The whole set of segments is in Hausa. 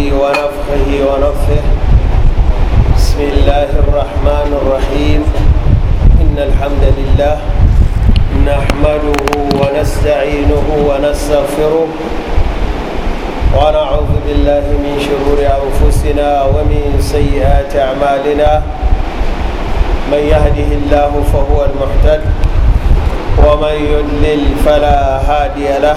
ونفقه ونفخه ونفه بسم الله الرحمن الرحيم إن الحمد لله نحمده ونستعينه ونستغفره ونعوذ بالله من شرور أنفسنا ومن سيئات أعمالنا من يهده الله فهو المحتد ومن يدلل فلا هادي له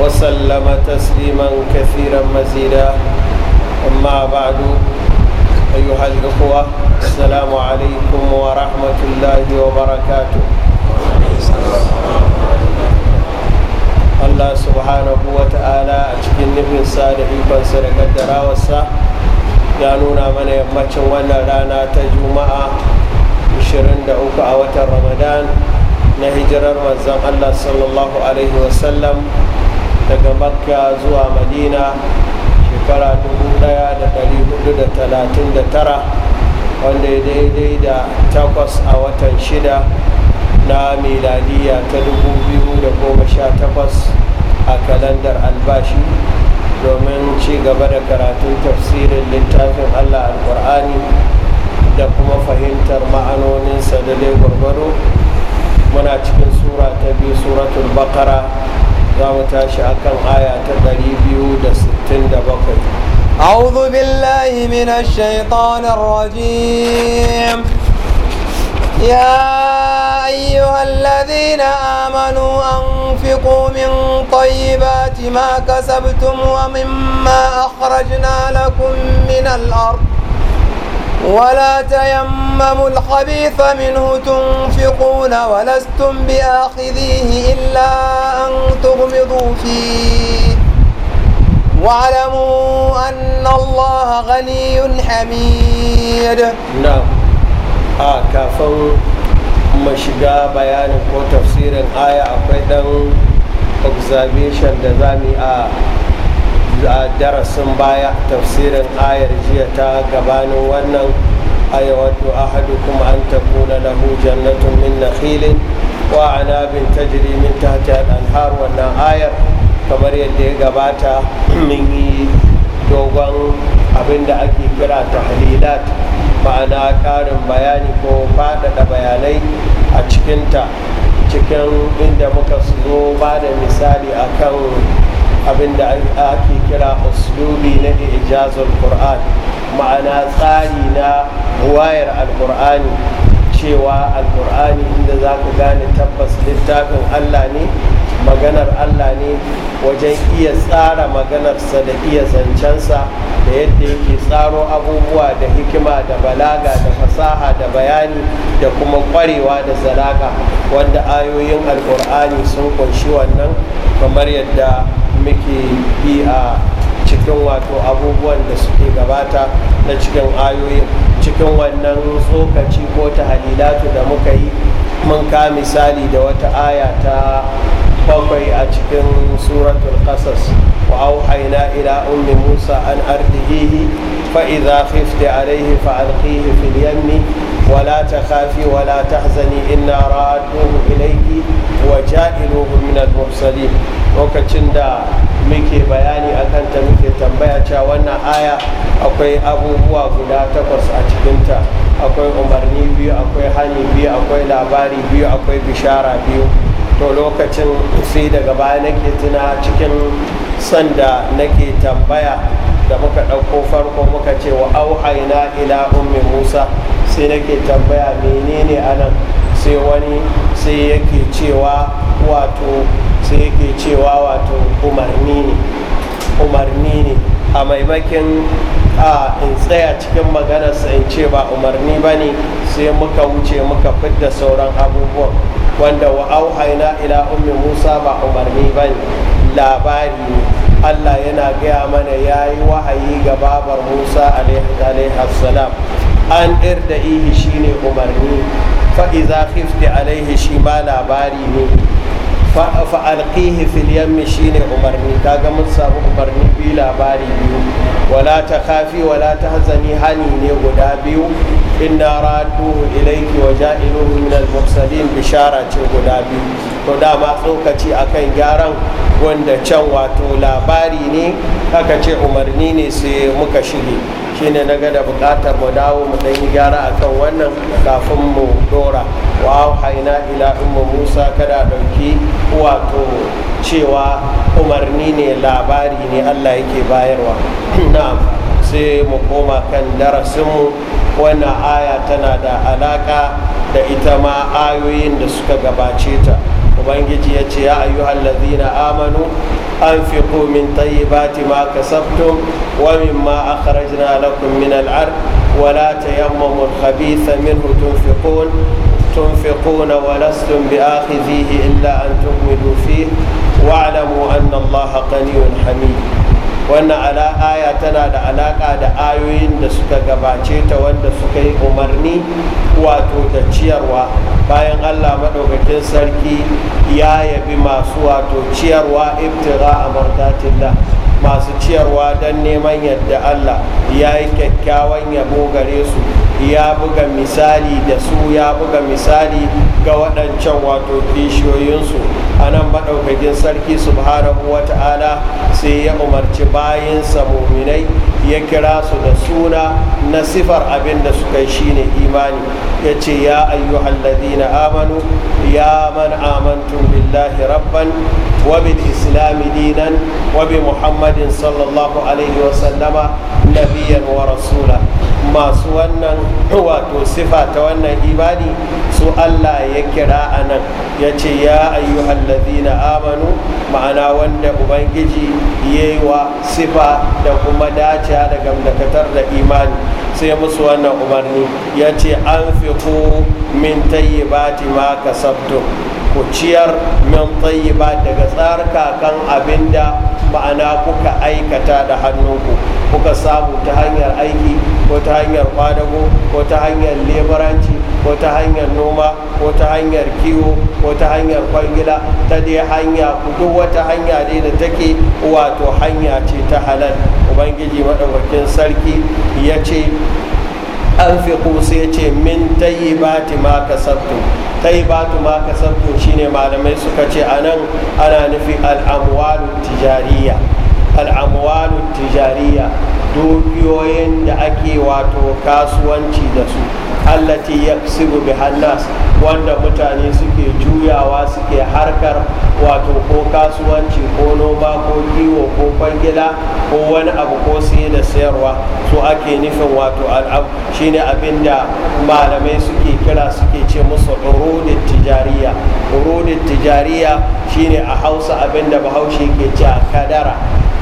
وسلم تسليما كثيرا مزيدا أما بعد أيها الأخوة السلام عليكم ورحمة الله وبركاته Allah subhanahu wa ta'ala a cikin nufinsa da ikonsa da kaddarawarsa ya nuna mana yammacin wannan rana ta juma'a 23 a watan ramadan na hijirar manzan Allah sallallahu alaihi wasallam daga makka zuwa madina shekara 1439 wanda ya daidai da takwas a watan shida na miladiya ta 2018 a kalandar albashi domin ci gaba da karatun tafsirin littafin allah alkur'ani da kuma fahimtar ma'anoninsa da lebar kan aya آية ستين 267 أعوذ بالله من الشيطان الرجيم يا أيها الذين آمنوا أنفقوا من طيبات ما كسبتم ومما أخرجنا لكم من الأرض ولا تيمموا الخبيث منه تنفقون ولستم بآخذيه إلا أن تغمضوا فيه واعلموا أن الله غني حميد نعم آه كافون mu shiga bayanin ko الآية aya akwai dan observation a darasin baya tafsirin ayar jiya ta gabanin wannan ayawaddu kuma an takuna lahu jannatun min nakhilin wa anabin tajri min tahtiha al-anhar wannan ayar kamar yadda ya gabata min yi dogon abin da ake kira tahlilat ma'ana karin bayani ko faɗaɗa bayanai a cikinta cikin inda muka zo ba da misali akan abin da ake kira uslubi na ijazul qur'an ma'ana tsari na wayar alqur'ani cewa alqur'ani inda za gane tabbas littafin allah ne maganar allah ne wajen iya tsara maganarsa da iya zancensa da yadda yake tsaro abubuwa da hikima da balaga da fasaha da bayani da kuma kwarewa da zalaka wanda ayoyin Alqur'ani sun kunshi wannan kamar yadda muke bi a cikin wato abubuwan da suke gabata na cikin ayoyin cikin wannan tsokaci ko ta halilatu da muka yi mun ka misali da wata aya ta bakwai a cikin suratul qasas wa auhayna ila ummi musa an ardihi fa idza khifti alayhi fa alqihi fil yammi ولا تخافي ولا تحزني إنا رادوه إليك وجائلوه من musali lokacin da muke bayani a kanta muke tambaya cewa wannan aya akwai abubuwa guda takwas a cikinta akwai umarni biyu akwai hani biyu akwai labari biyu akwai bishara biyu to lokacin sai daga baya nake tuna cikin sanda nake tambaya da muka ɗauko farko muka ce wa auhaina ina ummi musa sai nake tambaya menene anan sai wani sai yake cewa wato sai yake cewa wato umarni ne umarni ne a maimakin a in tsaya cikin maganarsa in ce ba umarni ba sai muka wuce muka fidda sauran abubuwan wanda wa auhaina ila ummi musa ba umarni ba labari ne allah yana gaya mana ya yi wahayi ga babar musa alaihi salam an irda'ihi shine umarni fa'iza khifti alaihi shi ma labari ne fa'alƙihi fil shi ne umarni kaga mun samu umarni biyu labari biyu wala ta kafi wala ta hazani hani ne guda biyu inna raduhu ilaiki wa ja'iluhu min al-mursalin bishara ce guda biyu to dama tsokaci akan gyaran wanda can wato labari ne aka ce umarni ne sai muka shige shine na ga da bukatar mu dawo mu dan yi gyara akan wannan kafin mu dora wa haina ila ummu musa kada dauki wato cewa umarni ne labari ne allah yake bayarwa na'am sai mu koma kan darasin mu wannan aya tana da alaka da ita ma ayoyin da suka gabace ta ubangiji ya ce ya ayyuhal ladina amanu anfiqu min tayyibati ma kasabtum wa mimma akhrajna lakum min al-ard wa la tayammamu al-khabitha minhu tunfiqun تنفقون ولستم بآخذيه إلا أن تؤمنوا فيه واعلموا أن الله غني حميد wannan aya tana da alaƙa da ayoyin da suka gabace ta wanda suka yi umarni wato da ciyarwa bayan allah maɗaukakin sarki ya yabi masu wato ciyarwa Iftira, a mardatillah masu ciyarwa don neman yadda allah ya yi kyakkyawan yabo gare su ya buga misali da su ya buga misali ga waɗancan wato kishiyoyinsu a nan maɗaukakin sarki subhanahu wa ta'ala sai ya umarci bayansa muminai ya kira su da suna na sifar abin da suka yi shine imani ya ce ya ayyuhal ladina amanu ya man amantun billahi rabban wa bil islami dinan wa bi muhammadin sallallahu alaihi wa sallama nabiyan wa rasula masu wannan wato sifa ta wannan ibadi su allah ya kira a nan ya ce ya ayyu na amanu ma'ana wanda ubangiji ya yi wa sifa da kuma dace da gamdakatar da imani sai musu wannan umarni ya ce an fi ku min tayyibati ma kasabtum ku ciyar min tayyiba daga tsarka kakan abinda ma'ana kuka aikata da hannunku kuka samu ta hanyar aiki ko ta hanyar kwadago ko ta hanyar leburanci ko ta hanyar noma ko ta hanyar kiwo ko ta hanyar kwangila ta dai hanya ku duk wata hanya dai da take wato hanya ce ta halal ubangiji maɗaukakin sarki ya ce an fi sai ce min tayyibati ma kasabtum tayyibatu ma kasabtum shine malamai suka ce anan ana nufi al'amwalu tijariya al'amwalu tijariya dukiyoyin da ake wato kasuwanci da su allati yaksubu biha hannas wanda mutane suke juyawa suke harkar wato ko kasuwanci ko noma ko kiwo ko kwangila ko wani abu ko saye da sayarwa su ake nufin wato al'ab shine abin da malamai suke kira suke ce musu urudin tijariya urudin tijariya shine a hausa abin da bahaushe ke ce kadara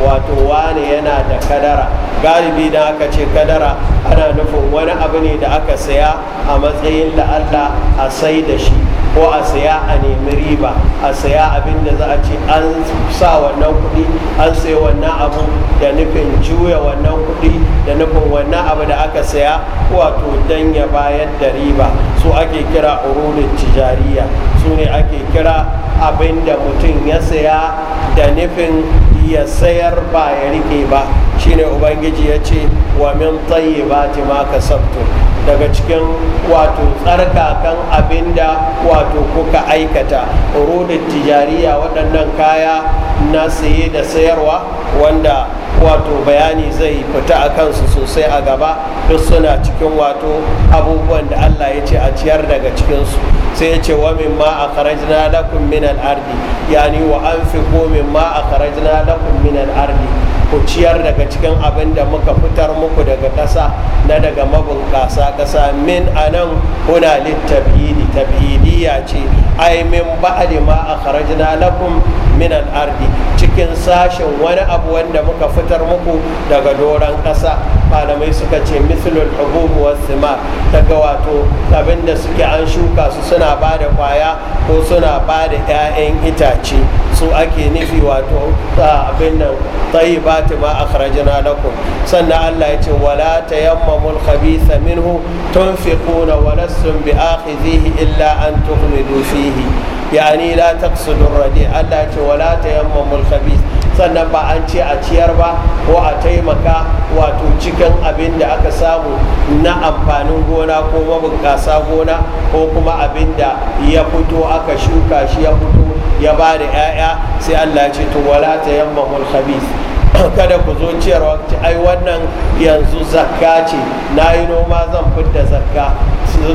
wato wane yana da kadara galibi da aka ce kadara ana nufin wani abu ne da aka saya a matsayin da allah a sai da shi ko a saya a nemi riba a saya abin da za a ce an sa wannan kuɗi an sai wannan abu da nufin juya wannan kuɗi da nufin wannan abu da aka saya wato don ya bayar da riba su ake kira urulin tijariya su ne ake kira abin da mutum ya saya da nufin ya sayar ba ya rike ba shine ubangiji ya ce wa min tayyibati ma kasabtu daga cikin wato tsarkakan abinda wato kuka aikata rudin tijariya waɗannan kaya na saye da sayarwa wanda wato bayani zai fita a kansu sosai a gaba duk suna cikin wato abubuwan da allah ya ce a ciyar daga cikinsu sai ya ce wa min ma akhrajna lakum min al-ardi yani wa an fi min ma akhrajna lakum min al-ardi ku ciyar daga cikin abin da muka fitar muku daga ƙasa na daga mabunƙasa ƙasa min a nan kuna littabidi tabidiyya ce ai min ne ma akhrajna lakum min al-ardi cikin sashen wani abu wanda muka fitar muku daga doron ƙasa malamai suka ce mithlul hubub was sima daga wato abin da suke an shuka su suna ba da kwaya ko suna ba da 'ya'yan itace su ake nufi wato abin nan tayyibati ma akhrajna lakum sannan Allah ya ce wala tayammamul khabitha minhu kuna wa sun bi akhidhihi illa an tughmidu fihi yani la taqsidu radi Allah ya ce wala tayammamul khabitha sannan ba an ce a ciyar ba ko a taimaka wato cikin abin da aka samu na amfanin gona ko mabunkasa gona ko kuma abin da ya fito aka shuka shi ya fito ya ba da 'ya'ya sai allah ce to wala ta yamma habis kada ku zo ciyarwa ai wannan yanzu zakka ce na yi noma zan fidda zakka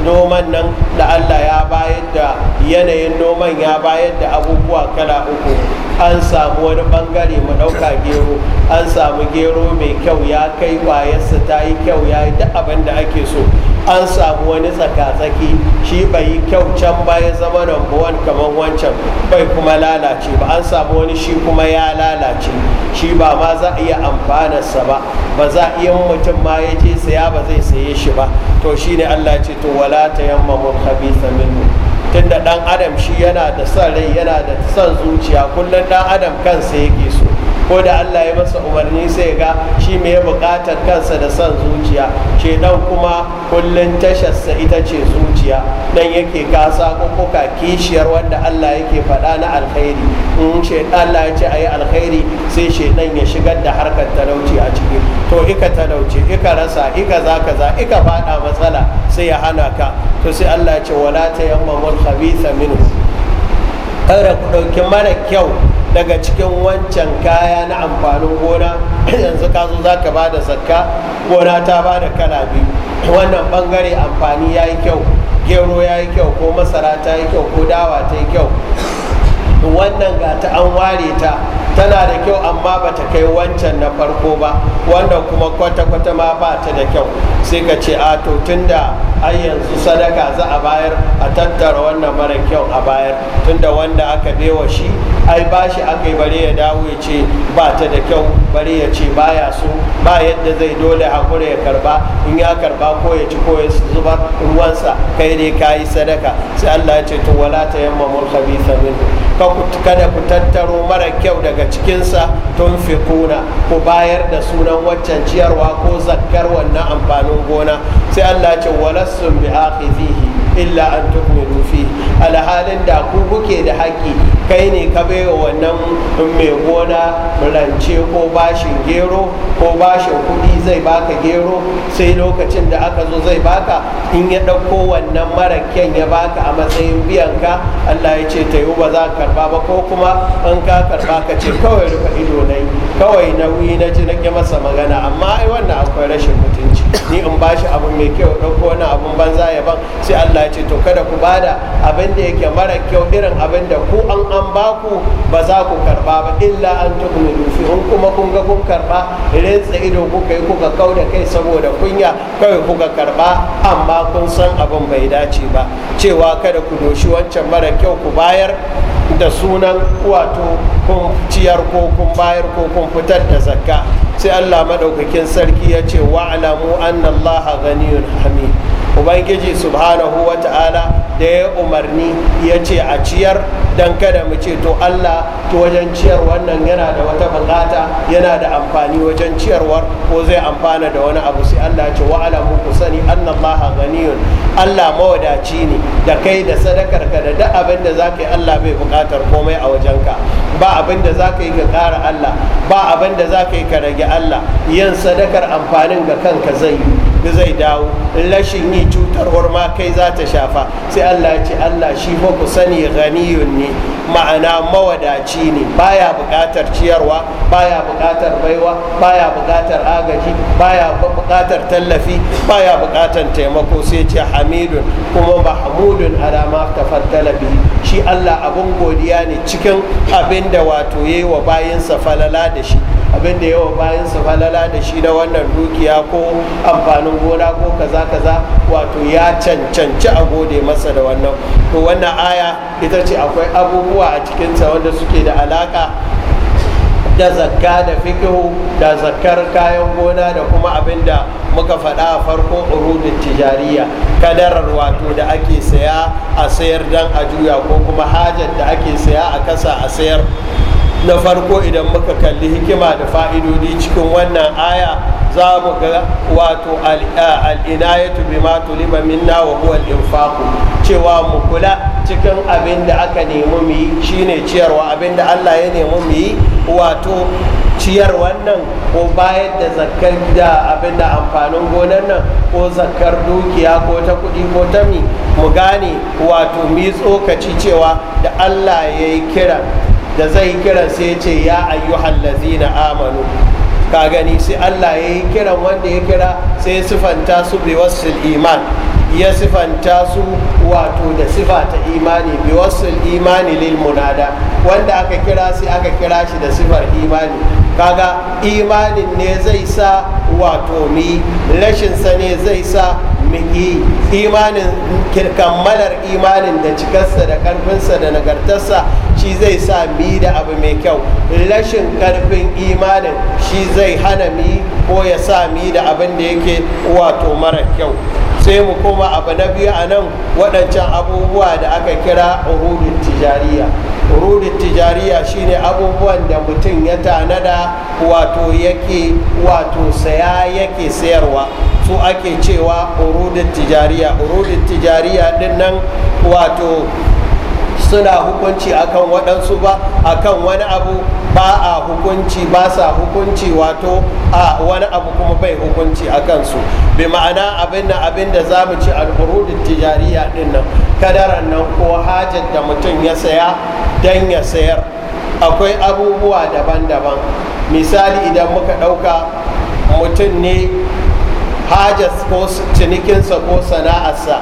noman nan da allah ya bayar da yanayin noman ya bayar da abubuwa kala uku an samu wani bangare mu ɗauka gero an samu gero mai kyau ya kai kwayarsa ta yi kyau ya yi duk abin da ake so an samu wani tsaka-tsaki shi bai yi kyau can ba ya zama number kamar wancan bai kuma lalace ba an samu wani shi kuma ya lalace shi ba ma za a iya amfanarsa ba ba za a iya mutum ma ya je saya ba zai saye shi ba to shi ne allah ce to wala ta yamma mun habisa minnu tunda dan adam shi yana da son rai yana da son zuciya kullum dan adam kansa yake so ko da allah ya masa umarni sai ga shi mai ya bukatar kansa da son zuciya shedan kuma kullum tasharsa ita ce zuciya dan yake kasa kuka kishiyar wanda allah yake faɗa na alkhairi in shedan allah ya ce a yi alkhairi sai shedan ya shigar da harkar talauci a ciki to ika talauci ika rasa ika za kaza ika faɗa matsala sai ya hana ka to sai allah ya ce wala ta yamma mun khabitha minhu kada ku ɗauki mara kyau daga cikin wancan kaya na amfanin gona yanzu ka zo za ka ba da zakka gona ta ba da kala biyu wannan bangare amfani ya yi kyau gero ya yi kyau ko masara ta yi kyau ko dawa ta yi kyau wannan ga ta an ware ta tana da kyau amma ba ta kai wancan na farko ba wannan kuma kwata-kwata ma ba ta da kyau sai ka ce a to tunda ai yanzu sadaka za a bayar a tattara wannan mara kyau a bayar tunda wanda aka bewa shi ai bashi aka yi bare ya dawo ya ce ba ta da kyau bari ya ce baya so ba yadda zai dole hakura ya karba in ya karba ko ya ci ko ya zuba ruwansa kai dai ka yi sadaka sai Allah ya ce to wala ta yamma mul khabitha kada ku tattaro mara kyau daga cikinsa tun fi kuna ku bayar da sunan waccan ciyarwa ko zakkar wannan amfanin gona sai Allah ya ce wala تبسم بعاقبيه illa an tukminu rufi alhalin da ku kuke da haƙƙi kai ne ka baiwa wannan mai gona rance ko bashin gero ko bashin kuɗi zai baka gero sai lokacin da aka zo zai baka in ya ɗauko wannan mara kyan ya baka a matsayin biyan ka Allah ya ce ta yi ba za ka karba ba ko kuma an ka karba ka ce kawai rufe ido na kawai wuyi na ji na masa magana amma ai wannan akwai rashin mutunci ni in bashi abu mai kyau ɗauko wani abun banza ya ban sai Allah ce to kada ku bada abin da yake mara kyau irin abin da ku an an baku ba za ku karba ba illa an tukunu dufi in kuma kun ga kun karba rintsa ido kuka yi kuka kau da kai saboda kunya kawai kuka karba amma kun san abin bai dace ba cewa kada ku doshi wancan mara kyau ku bayar da sunan wato kun ciyar ko kun bayar ko kun fitar da zakka sai allah maɗaukakin sarki ya ce wa'alamu annallaha ganiyun hamid ubangiji subhanahu wa ta'ala da ya umarni ya ce a ciyar don kada mu ce to allah to wajen ciyar wannan yana da wata bukata yana da amfani wajen ciyarwar ko zai amfana da wani abu sai allah ya ce wa alamu ku sani annallaha ganiyun allah mawadaci ne da kai da sadakar ka da duk abin da zaka yi allah bai bukatar komai a wajen ka ba abin da zaka yi ka kara allah ba abin da zaka yi ka rage allah yin sadakar amfanin ga kanka zai yi zai dawo in rashin yi cutarwar ma kai za ta shafa sai allah ce allah shi ba ku sani ganiyun ne ma'ana mawadaci ne baya buƙatar ciyarwa baya buƙatar baiwa baya buƙatar agaji baya buƙatar tallafi baya buƙatar taimako sai ce hamidun kuma mahmudun alama ta talabi shi allah abun godiya ne cikin abin da wato yayi wa bayansa falala da shi abin da yawa bayan su falala da shi da wannan dukiya ko amfanin gona ko kaza kaza wato ya cancanci a gode masa da wannan to wannan aya ita ce akwai abubuwa a cikinsa wanda suke da alaka da zakka da fikihu da zakkar kayan gona da kuma abin da muka faɗa a farko urudin tijariya kadarar wato da ake saya a sayar dan a juya ko kuma hajar da ake saya a kasa a sayar na farko idan muka kalli hikima da fa'idodi cikin wannan aya za mu ga wato al'inayatu bi ma tuliba minna wa huwa infaqu cewa mu kula cikin abin da aka nemi mu yi shine ciyarwa abin da Allah ya nemi mu yi wato ciyar wannan ko bayar da zakar da abin da amfanin gonar nan ko zakar dukiya ko ta kuɗi ko ta mi mu gane wato mi tsokaci cewa da Allah ya yi kira da zai kira sai ya ce ya ayyuhal lazina amanu ka gani sai Allah ya yi kiran wanda ya kira sai ya sifanta su bi wasu iman ya sifanta su wato da sifata imani bi wasu imani lil munada wanda aka kira sai aka kira shi da sifar imani kaga imanin ne zai sa wato mi rashin sa ne zai sa imanin kammalar imanin da cikarsa da karfinsa da nagartarsa shi zai sa mi da abu mai kyau rashin karfin imanin shi zai hana mi ko ya sa mi da abin da yake wato mara kyau sai mu koma abu na biyu a nan waɗancan abubuwa da aka kira rudin tijariya rudin tijariya shine abubuwan da mutum ya tanada wato yake wato saya yake sayarwa su ake cewa urudin tijariya urudin tijariya din nan wato suna hukunci akan waɗansu ba akan wani abu ba a hukunci ba sa hukunci wato a wani abu kuma bai hukunci a kansu bi ma'ana abin da za mu ci al'urudin tijariya din nan kadaran nan ko hajar da mutum ya saya don ya sayar akwai abubuwa daban-daban misali idan muka ɗauka mutum ne hajas ko cinikinsa ko sana'arsa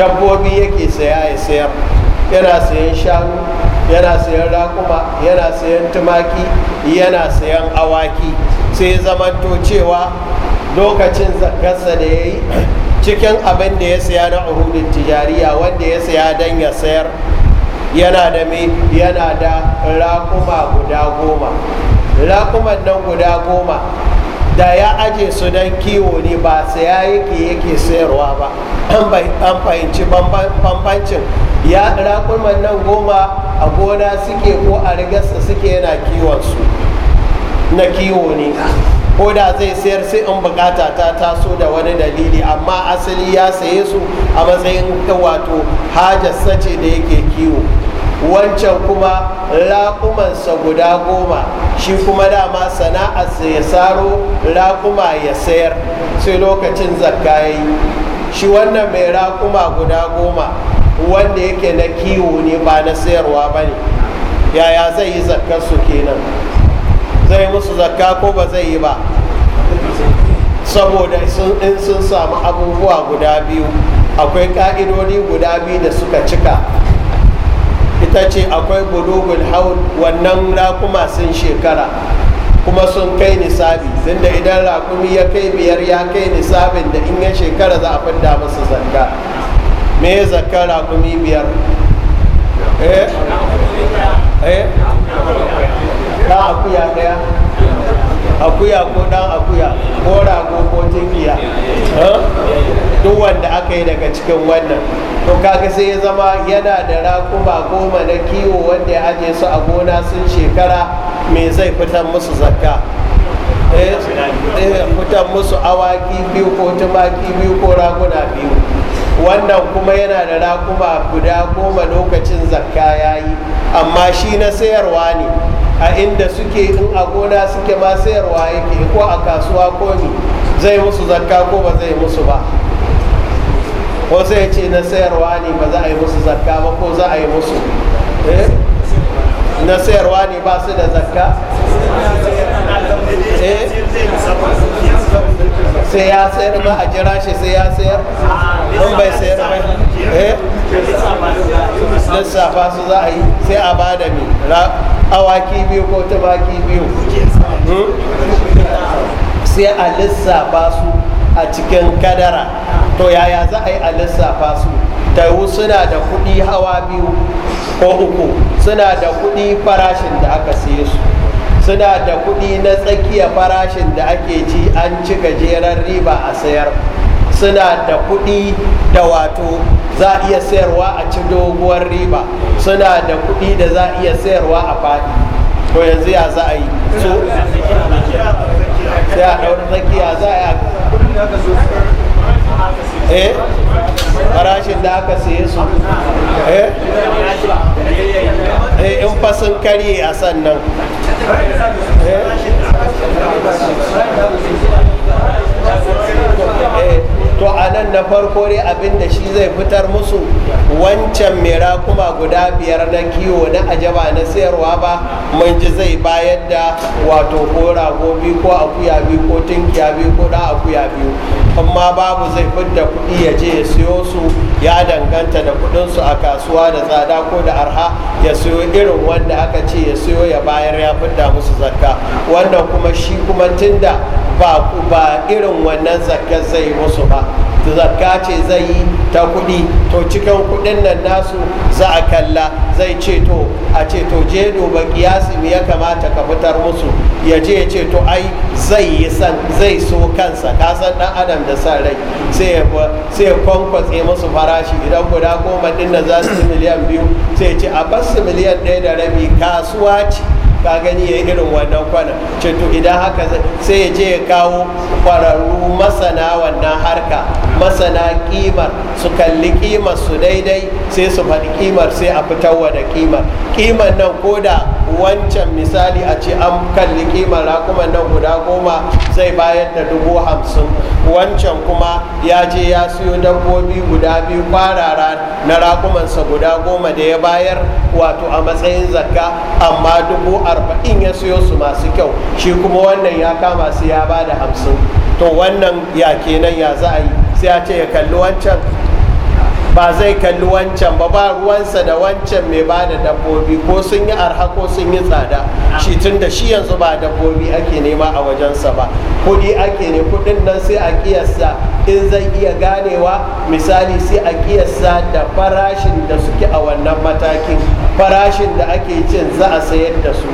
dabbobi yake saya ya sayar yana sayan shanu yana sayan raƙuma yana sayan tumaki yana sayan awaki sai zamanto cewa lokacin zakarsa da ya yi cikin abin da ya saya na urudin tijariya wanda ya saya don ya sayar yana da mai yana da rakuma guda goma rakuman nan guda goma da ya aje su don kiwo ne ba saya yake yake sayarwa ba an fahimci bambancin ya rakunan nan goma a gona suke ko a rigarsa suke yana kiwonsu na kiwo ne ko da zai sayar sai in bukata ta taso da wani dalili amma asali ya saye su a matsayin wato hajjarsa ce da yake kiwo wancan kuma raƙumansa guda goma shi kuma dama sana'arsa ya saro raƙuma ya sayar sai lokacin zakka shi wannan mai raƙuma guda goma wanda yake na kiwo ne ba na sayarwa ba ne yaya zai yi zakkarsu kenan zai musu zakka ko ba zai yi ba saboda in sun samu abubuwa guda biyu akwai ƙa'idodi guda biyu da suka cika ta ce akwai bulugul haul wannan rakuma sun shekara kuma sun kai nisabi tunda idan rakumi ya kai biyar ya kai nisabin da in ya shekara za a fidda masa zanga me zaka rakumi biyar eh eh akuya daya akuya ko dan akuya ko rago ko tafiya duk wanda aka yi daga cikin wannan to kaga sai ya zama yana da rakuma goma na kiwo wanda ya aje su a gona sun shekara me zai fitar musu zakka eh, eh, fitar musu awaki biyu ko tumaki biyu ko raguna biyu wannan kuma yana da rakuma guda goma lokacin zakka ya yi amma shi na sayarwa ne a inda suke in a gona suke ma sayarwa yake ko a kasuwa ko ne zai musu zakka ko ba zai musu ba wasu sai ce na sayarwa ne ba za a yi musu zakka ba ko za a yi musu eh? na sayarwa ne ba su da zakka Eh? sai ya sayar ba a jira shi sai ya sayar in bai sayar ba eh? lissafa su za a yi sai a ba da mi awaki biyu ko tabaki biyu hmm? sai a lissafa su a cikin kadara to yaya za a yi a lissafa su taiwu suna da kuɗi hawa biyu ko uku suna da kuɗi farashin da aka siye su suna da kuɗi na tsakiya farashin da ake ci an ci gajeren riba a sayar suna da kuɗi da wato za a iya sayarwa a ci doguwar riba suna da kuɗi da za a iya sayarwa a faɗi ko yanzu ya za a yi su sai a ɗaura tsakiya za a yi a eh? farashin da aka saye su eh, eh in fasin kare a sannan Eh, to a nan na farko abin abinda shi zai fitar musu wancan mera kuma guda biyar na kiwo na ajaba na sayarwa ba mun ji zai bayar da wato ko rago biyu ko akuya biyu ko tunkiya biyu ko da akuya biyu amma babu zai fidda kuɗi ya je ya siyo su ya danganta da kuɗinsu a kasuwa da tsada ko da arha ya siyo irin wanda aka ce ya siyo ya bayar ya fidda musu zakka wannan kuma shi kuma tunda ba irin wannan zakkar zai musu ba zakka ce zai yi ta kuɗi to cikin kuɗin nan nasu za a kalla zai ce to a ce to je duba kiyasi ya kamata ka fitar musu ya je ce to ai zai yi san zai so kansa kasan dan adam da san rai sai ya kwankwatse musu farashi idan guda goma ɗin da za su miliyan biyu sai ya ce a basu miliyan ɗaya da rabi kasuwa ce ka gani ya irin wannan kwana ceto idan haka sai ya je ya kawo kwararru masana wannan harka masana kimar su kalli kimar su daidai sai su faɗi kimar sai a wa da kimar kimar nan ko da wancan misali a ce an kalli kimar rakuman nan guda goma zai bayar da dubu hamsin wancan kuma ya je ya siyo dabbobi guda biyu kwarara na rakumansa guda goma da ya bayar wato a matsayin zakka amma dubu arba'in ya siyo su masu kyau shi kuma wannan ya kama su ya ba da hamsin to wannan ya kenan ya za a yi sai ya ce ya kalli wancan ba zai kalli wancan ba ba ruwansa da wancan mai ba da dabbobi ko sun yi arha ko sun yi tsada shi tun da shi yanzu ba dabbobi ake nema a wajensa ba kuɗi ake ne kuɗin nan sai a ƙiyasta in zai iya ganewa misali sai a kiyasta da farashin da suke a wannan matakin farashin da ake cin za a sayar da su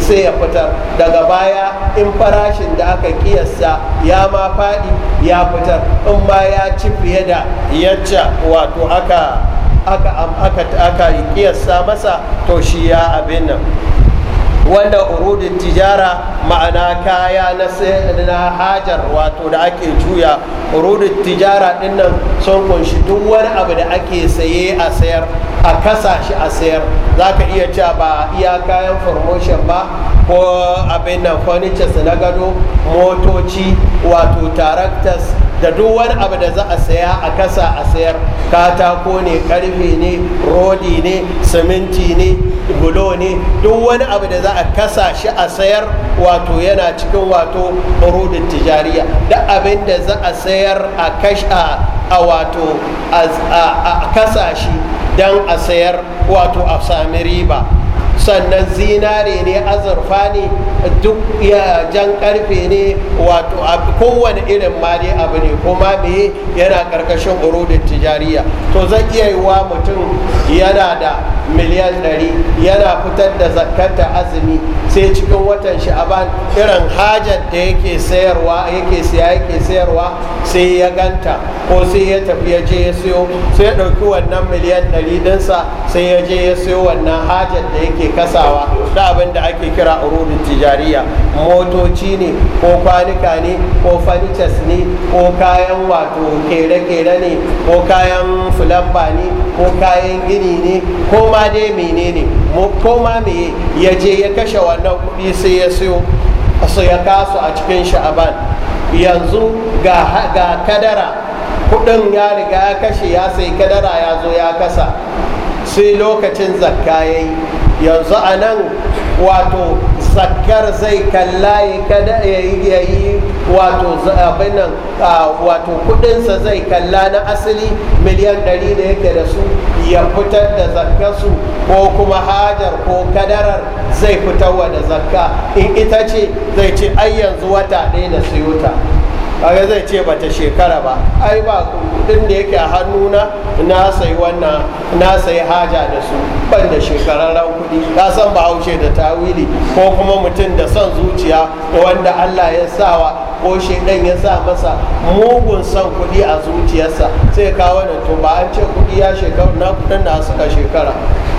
sai ya fitar daga baya in farashin da aka kiyasta ya ma faɗi ya fitar in ba ya ci fiye da yacca wato aka aka aka aka kiyasta masa to shi ya abin nan wanda urudin tijara ma'ana kaya na hajar wato da ake juya urudin tijara dinnan sun kunshi duk wani abu da ake saye a sayar a kasa shi a sayar za ka iya cewa ba iya kayan promotion ba ko abin nan furnitures na gado motoci wato tarakters, da duk wani abu da za a saya a kasa a sayar katako ne karfe ne rodi ne siminti ne bulo ne duk wani abu da za a kasa shi a sayar wato yana cikin wato rudin tijariya da abin da za a sayar a kasha a wato a kasa shi don a sayar wato a sami riba sannan zinare ne azurfa ne duk ya jan karfe ne wato kowane irin ma ne abu ne kuma me yana karkashin urudin tijariya to zan iya yi wa mutum yana da miliyan ɗari yana fitar da zakata azumi sai cikin watan sha'aban irin hajar da yake sayarwa yake siya yake sayarwa sai ya ganta ko sai ya tafi ya je ya siyo sai ya ɗauki wannan miliyan ɗari ɗinsa sai ya je ya siyo wannan hajar da yake ake kasawa da abin da ake kira urudin tijariya motoci ne ko kwanuka ne ko furnitures ne ko kayan wato kere-kere ne ko kayan fulamba ne ko kayan gini ne ko ma dai menene ko ma me ya je ya kashe wannan kuɗi sai ya siyo su ya kasu a cikin sha'aban yanzu ga kadara kudin ya riga ya kashe ya sai kadara ya zo ya kasa sai lokacin zakka ya yanzu a nan wato zakkar zai kalla ya yi wato abinan wato kudinsa zai kalla na asali miliyan 100 da yake da su ya fitar da zakkarsu ko kuma hajar ko kadarar zai fitarwa da zakka in ita ce zai ce ai yanzu wata ɗaya na siyo ta kaga zai ce bata shekara ba ai ba kudin da yake a hannuna na sayi wannan na sayi haja da su ban da shekararren kuɗi ka san bahaushe da tawili ko kuma mutum da son zuciya wanda allah ya sawa ko shedan ya sa masa mugun son kuɗi a zuciyarsa sai kawo da to ba an ce kuɗi ya shekaru na kudin da suka shekara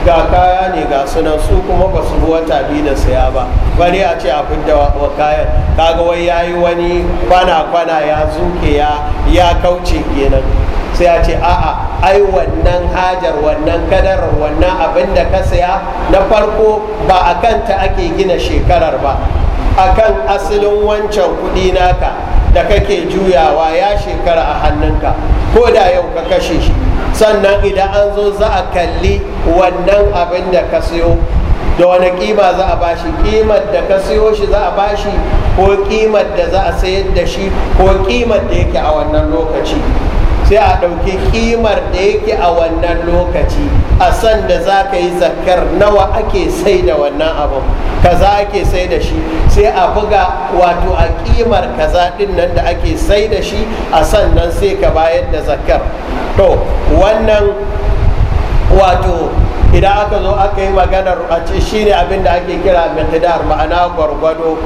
ga kaya ne ga sunan su kuma ba su wata biyu da saya ba bari a ce a fidda wa kayan kaga wai ya yi wani kwana-kwana ya zuke ya ya kauce kenan sai a ce a'a ai wannan hajar wannan kadarar wannan abin da ka saya na farko ba a kanta ake gina shekarar ba akan asalin wancan kuɗi naka da kake juyawa ya shekara a hannunka ko da yau ka kashe shi sannan idan an zo za a kalli wannan abin da ka siyo da wani kima za a bashi kimar da ka siyo shi za a bashi ko kimar da za a sayar da shi ko kimar da yake a wannan lokaci sai a ɗauki kimar da yake a wannan lokaci a san da za ka yi zakar nawa ake sai da wannan abin kaza ake sai da shi sai a buga wato a kimar kaza din nan da ake sai da shi a sannan sai ka bayar da zakar to wannan wato idan aka zo aka yi maganar a ce shi ne abin da ake kira miqdar ma'ana gwargwado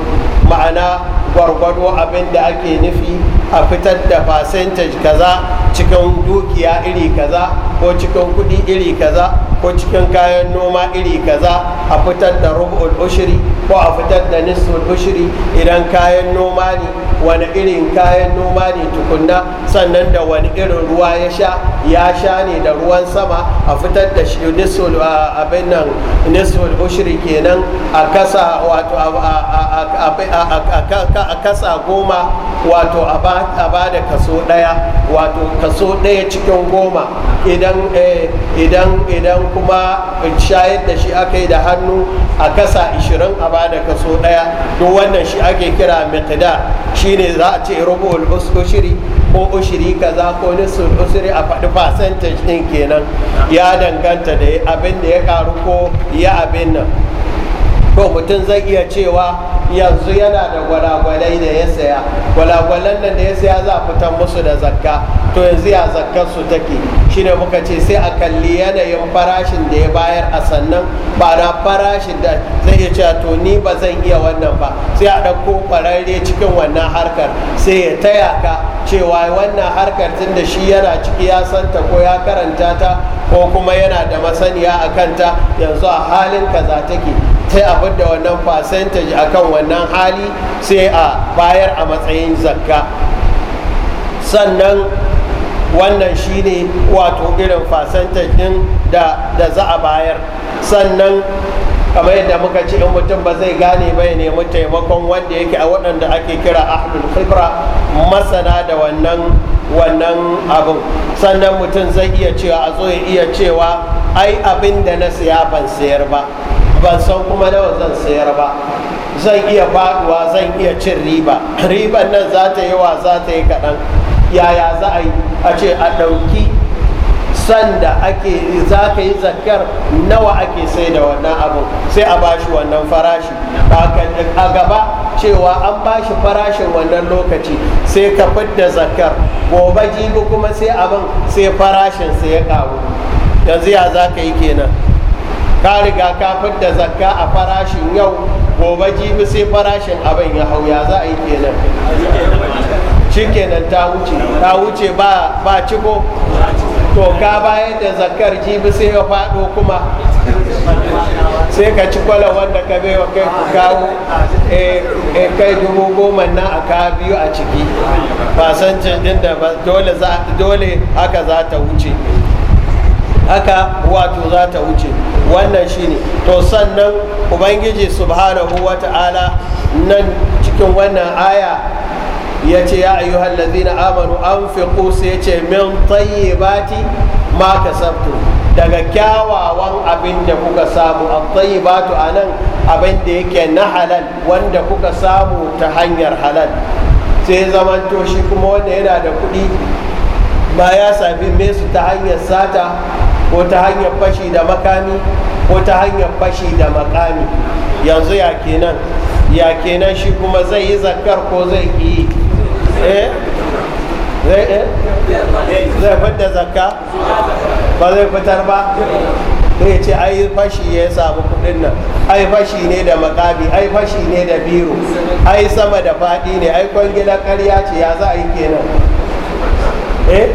ma'ana gwargwado abin da ake nufi a fitar da percentage kaza cikin dukiya iri kaza ko cikin kudi iri kaza ko cikin kayan noma iri kaza a fitar da rubu'ul ushiri ko a fitar da nisful ushiri idan kayan noma ne wani irin kayan noma ne tukunna sannan da wani irin ruwa ya sha ya sha ne da ruwan sama a fitar da shi nisful abin nan ushiri kenan a kasa wato a kasa goma wato a ba kaso ɗaya wato kaso ɗaya cikin goma idan idan eh, idan idan kuma shayar da shi aka yi da hannu a kasa 20 a bada kaso daya duk wannan shi ake kira miqdar shine za a ce rubu'ul usuri ko ushiri kaza ko nisul usuri a faɗi percentage din kenan ya danganta da abin da ya karu ko ya abin nan ko mutum zai iya cewa yanzu yana da gwalagwalai da ya saya gwalagwalan nan da ya saya za a fitar musu da zakka to yanzu ya zakkar su take shine muka ce sai a kalli yanayin farashin da ya bayar a sannan ba na farashin da zai iya cewa to ni ba zan iya wannan ba sai a ɗauko ƙwararre cikin wannan harkar sai ya taya ka cewa wannan harkar tun da shi yana ciki ya santa ko ya karanta ta ko kuma yana da masaniya a kanta yanzu a halin kaza take sai a da wannan percentage akan wannan hali sai a bayar a matsayin zakka sannan wannan shine wato irin percentage din da za a bayar sannan kamar yadda muka ce in mutum ba zai gane ba ya nemi taimakon wanda yake a waɗanda ake kira ahlul khibra masana da wannan wannan abin sannan mutum zai iya cewa a zo ya iya cewa ai abin da na siya ban sayar ba ban san kuma nawa zan sayar ba zan iya faɗuwa zan iya cin riba riban nan za ta yi wa za ta yi kaɗan yaya za a yi a ce a ɗauki sanda ake za ka yi zakar nawa ake sai da wannan abu sai a bashi wannan farashi a gaba cewa an bashi farashin wannan lokaci sai ka fidda zakar gobe jibi kuma sai abin sai farashin sai ya karu yanzu ya za ka yi kenan ka riga ka da zakka a farashin yau gobe jibi sai farashin abin ya hau ya za a yi kenan shikenan ta wuce ta wuce ba ciko to ka bayar da zakkar jibi sai ya faɗo kuma sai ka ci kwalon wanda ka baiwa kai ku kawo eh, eh, kai dubu goma na a ka biyu a ciki ba canjin da dole haka za ta wuce haka wato za ta wuce wannan shine to sannan ubangiji subhanahu wa ta'ala nan cikin wannan aya ya ce ya ayyu zina amanu an fi ya ce min tayyibati ma kasabtu daga kyawawan abin da kuka samu a tayyibatu a nan abin da yake na halal wanda kuka samu ta hanyar halal sai zaman shi kuma wanda yana da kuɗi ba ya sami mesu ta hanyar sata ko ta hanyar fashi da makami ko ta hanyar fashi da makami yanzu ya kenan ya kenan shi kuma zai yi zakar ko zai yi eh? eh zai fidda zakka ba zai fitar ba zai ce ai fashi ya samu kudin nan ai fashi ne da makami ai fashi ne da biro ai sama da faɗi ne ai kwangila karya ce ya za a yi kenan eh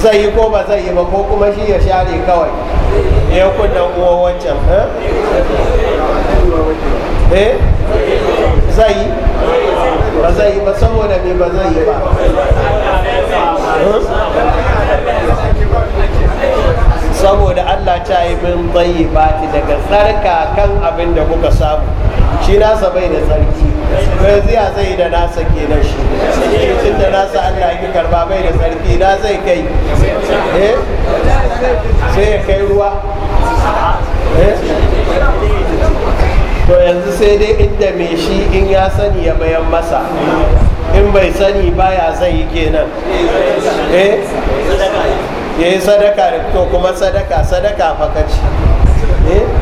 zai yi ko ba zai yi ba ko kuma shi ya share kawai ya eh, kunnan uwa wancan eh zai yi ba zai yi ba saboda me ba zai yi ba saboda Allah ta yi min bayi daga tsarka kan abin da kuka samu shi nasa bai da tsarki bai ziya zai da nasa ke na shi cikin da nasa allah ya karba bai da sarki na zai kai eh? sai ya kai ruwa eh? to yanzu sai dai inda mai shi in ya sani ya bayan masa in bai sani baya zai yi kenan eh? ya yi sadaka da kuma sadaka sadaka fakaci eh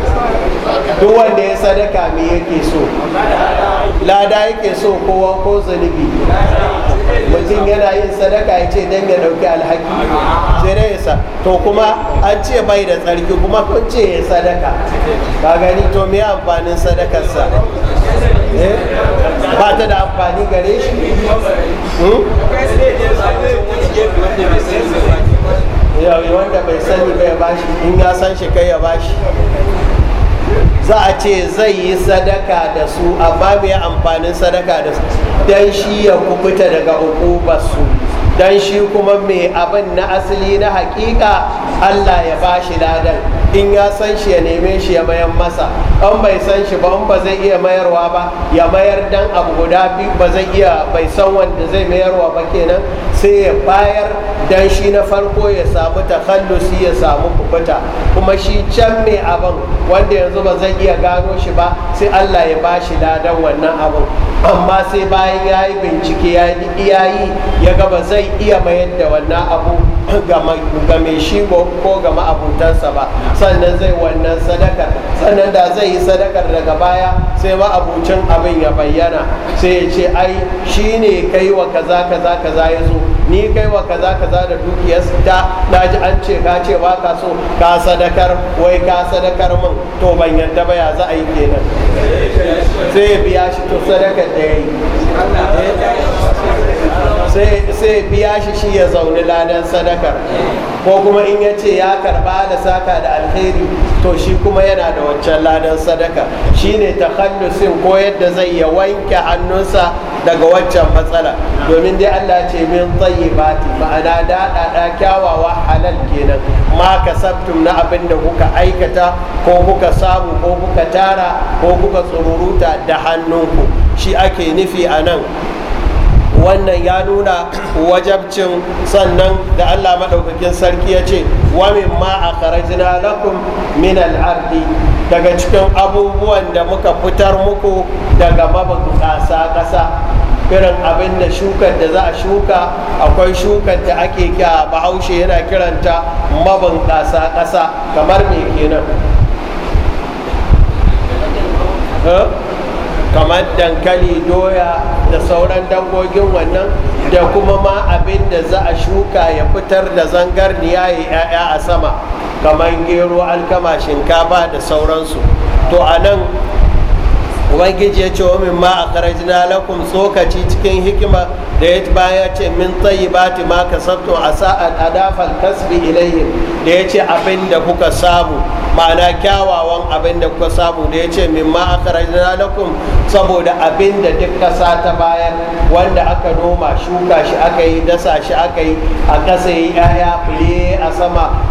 duk wanda ya sadaka me yake so lada yake so kowa ko zanibi mutum yana yin sadaka ya ce don ya dauki alhaki sa to kuma an ce bai da tsarki kuma kun ce ya sadaka ba gani to me amfanin sadakarsa eh? ba ta da amfani gare shi hmm? wanda bai sani bai bashi in ya san shi kai ya bashi za a ce zai yi sadaka da su amma mai amfanin sadaka da su don shi ya kubuta daga su don shi kuma mai abin na asali na hakika allah ya ba shi ladar in ya san shi ya neme shi ya mayar masa an bai san shi ba ba zai iya mayarwa ba ya mayar dan abu guda biyu ba zai iya bai san wanda zai mayarwa ba kenan sai ya bayar dan shi na farko ya samu takhallusi ya samu kubuta kuma shi can mai abin wanda yanzu ba zai iya gano shi ba sai Allah ya ba shi ladan wannan abin amma sai bayan yayi bincike ya yi ya ga ba zai iya mayar da wannan abu ga mai shi ko ga ma'abutansa ba sannan zai wannan sadakar sannan da zai yi sadakar daga baya sai ma'abucin abin ya bayyana sai ya ce ai shi ne kai wa kaza kaza kaza ya zo ni kai wa kaza kaza da dukiyar ta na ji an ce ka ce ba ka so ka sadakar wai ka sadakar min to ban yadda ba ya za a yi kenan sai ya biya shi to sadakar da ya yi sai biya shi shi ya zauni ladan sadaka ko kuma in ya ce ya karba da saka da alheri to shi kuma yana da wancan ladan sadaka shi shine takhallusin ko yadda zai ya wanke hannunsa daga wancan matsala domin dai Allah ce min tayyibati ma'ana da kyawawa halal kenan ma kasabtum na abin da kuka aikata ko kuka samu ko kuka tara ko kuka tsururuta da hannunku shi ake nufi a nan wannan ya nuna wajabcin sannan da allah maɗaukakin sarki ya ce wa ma a karajina lakum min al'ardi daga cikin abubuwan da muka fitar muku daga mabukasa ƙasa kiran abin da shukar da za a shuka akwai shukar da ake kya bahaushe yana kiranta mabukasa ƙasa kamar me kenan kamar dankali doya da sauran dangogin wannan da kuma ma abin da za a shuka ya fitar da zangarniya ya ya'ya a sama kamar gero alkama shinkafa da sauransu to a nan ubangiji ya ce wa min ma a karajina lakum tsokaci cikin hikima da ya baya ce min tsayi bati ma ka sabto a sa'ad adafal kasbi ilayhi da ya ce abin da kuka samu ma'ana kyawawan abin da kuka samu da ya ce min ma a karajina lakum saboda abin da duk kasa ta bayan wanda aka noma shuka shi aka yi dasa shi aka yi a kasa yi yaya fule a sama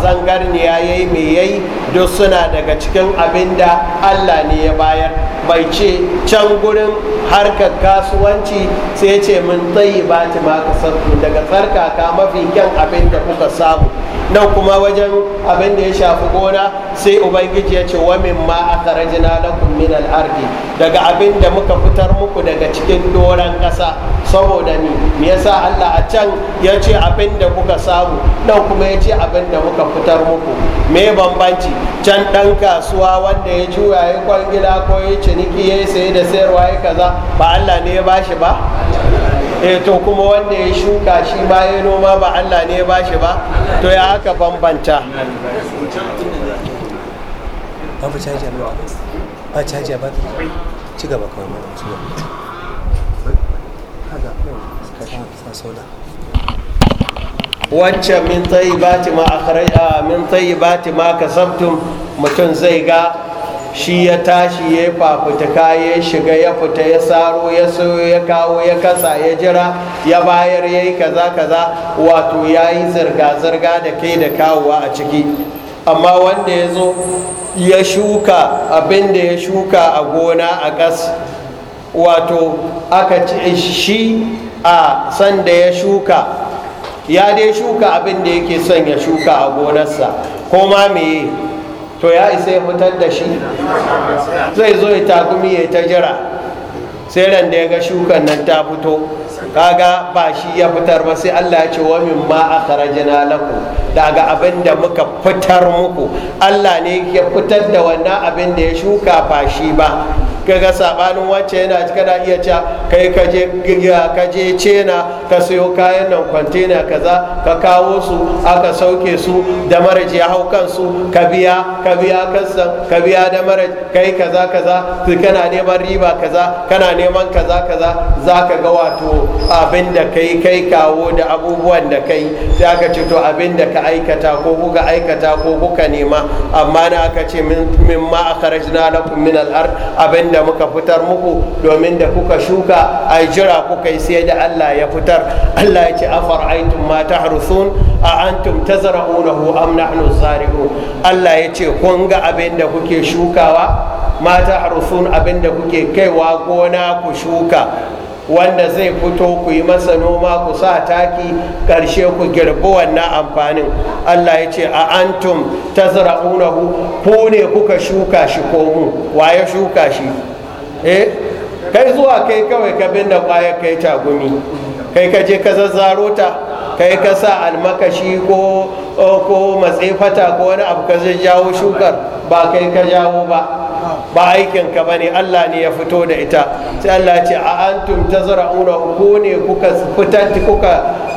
zangarniya ya yi mai yayi duk suna daga cikin abin da allah ne ya bayar bai ce can gurin harkar kasuwanci sai ce mun tsayi ba ma ka daga tsarkaka mafi kyan abin da kuka samu nan kuma wajen abin da ya shafi gona sai ubangiji ya ce wa min ma a lakum min al-ardi daga abin da muka fitar muku daga cikin doran ƙasa saboda ni me yasa Allah a can ya ce abin da kuka samu nan kuma ya ce abin da muka fitar muku me bambanci can ɗan kasuwa wanda ya juya ya kwangila ko ya ciniki ya sayi da sayarwa ya kaza ba Allah ne ya bashi ba eh, kuma wanda ya shuka shi ma ya noma ba Allah ne ya bashi ba to ya aka bambanta babu caji a ba caji a ba ci gaba kawai mai ci gaba wacce min tayyibati ma akhraja ah, min tayyibati ma kasabtum mutum zai ga shi ya tashi ya fafutuka ya shiga ya fita ya saro ya soyo ya kawo ya kasa ya jira ya bayar ya yi kaza kaza wato ya yi zirga-zirga da kai da kawowa a ciki amma wanda ya zo ya shuka abin da ya shuka a gona a ƙas wato aka ci shi a sanda ya shuka ya dai shuka abin da yake son ya shuka a gonarsa ko ma meye to ya isa ya fitar da shi zai zo ya takumi ya ta jira sai ran da ya ga shukan nan ta fito kaga ba shi ya fitar ba sai Allah ya ce wa min ma akhrajna lakum daga abin da muka fitar muku Allah ne ya fitar da wannan abin da ya shuka ba shi ba kaga sabanin wacce yana kana iya ca kai ka je ka cena ka sayo kayan nan kwantena kaza ka kawo su aka sauke su da maraji ya hau kansu ka biya ka biya kansa ka biya da maraji kai kaza kaza to kana neman riba kaza kana neman kaza kaza zaka ga wato abin da kai kai kawo da abubuwan da kai sai aka to abin da ka aikata ko kuka aikata ko kuka nema amma na aka ce min ma akhrajna lakum min al-ard abin abin da muka fitar muku domin da kuka shuka a jira kuka yi sai da Allah ya fitar Allah ya ce afar aitum ma tahrusun a antum tazra'unahu am nahnu zari'un Allah ya ce kun ga abin da kuke shukawa mata harusun abin da kuke kaiwa gona ku shuka wanda zai fito ku yi masa noma ku sa taki ƙarshe ku girbi wannan amfanin allah ya ce a antum tazra'unahu ku ne kuka shuka shi ko mu waye shuka shi eh kai zuwa kai kawai ka binne kwaya kai tagumi kai ka je ka zazzaro ta kai ka sa almakashi ko ko matsefata ko wani abu ka zai jawo shukar ba kai ka jawo ba ba aikin ka bane Allah ne ya fito da ita sai Allah ya ce a antum tazra'una ku ne kuka fitar kuka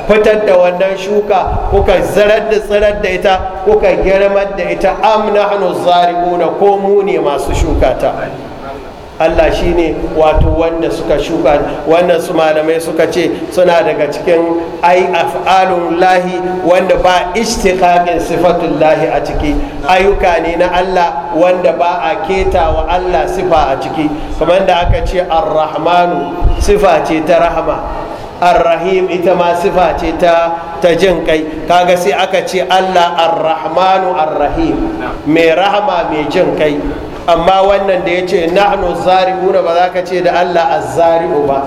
fitar da wannan shuka kuka zarar da tsirar da ita kuka girmar da ita am nahnu zari'una ko mu ne masu shuka ta Allah shine wato wanda suka shuka wannan su malamai suka ce suna daga cikin ai af'alun lahi wanda ba ishtiqaqin sifatul lahi a ciki ayyuka ne na Allah wanda ba a keta wa Allah sifa a ciki kamar da aka ce ar-rahmanu sifa ce ta rahama ar-rahim ita ma sifa ce ta ta jin kai kaga sai aka ce Allah ar-rahmanu ar-rahim mai rahama mai jin kai amma wannan da ya ce na'anu zari'una ba za ka ce da allah azzari'u ba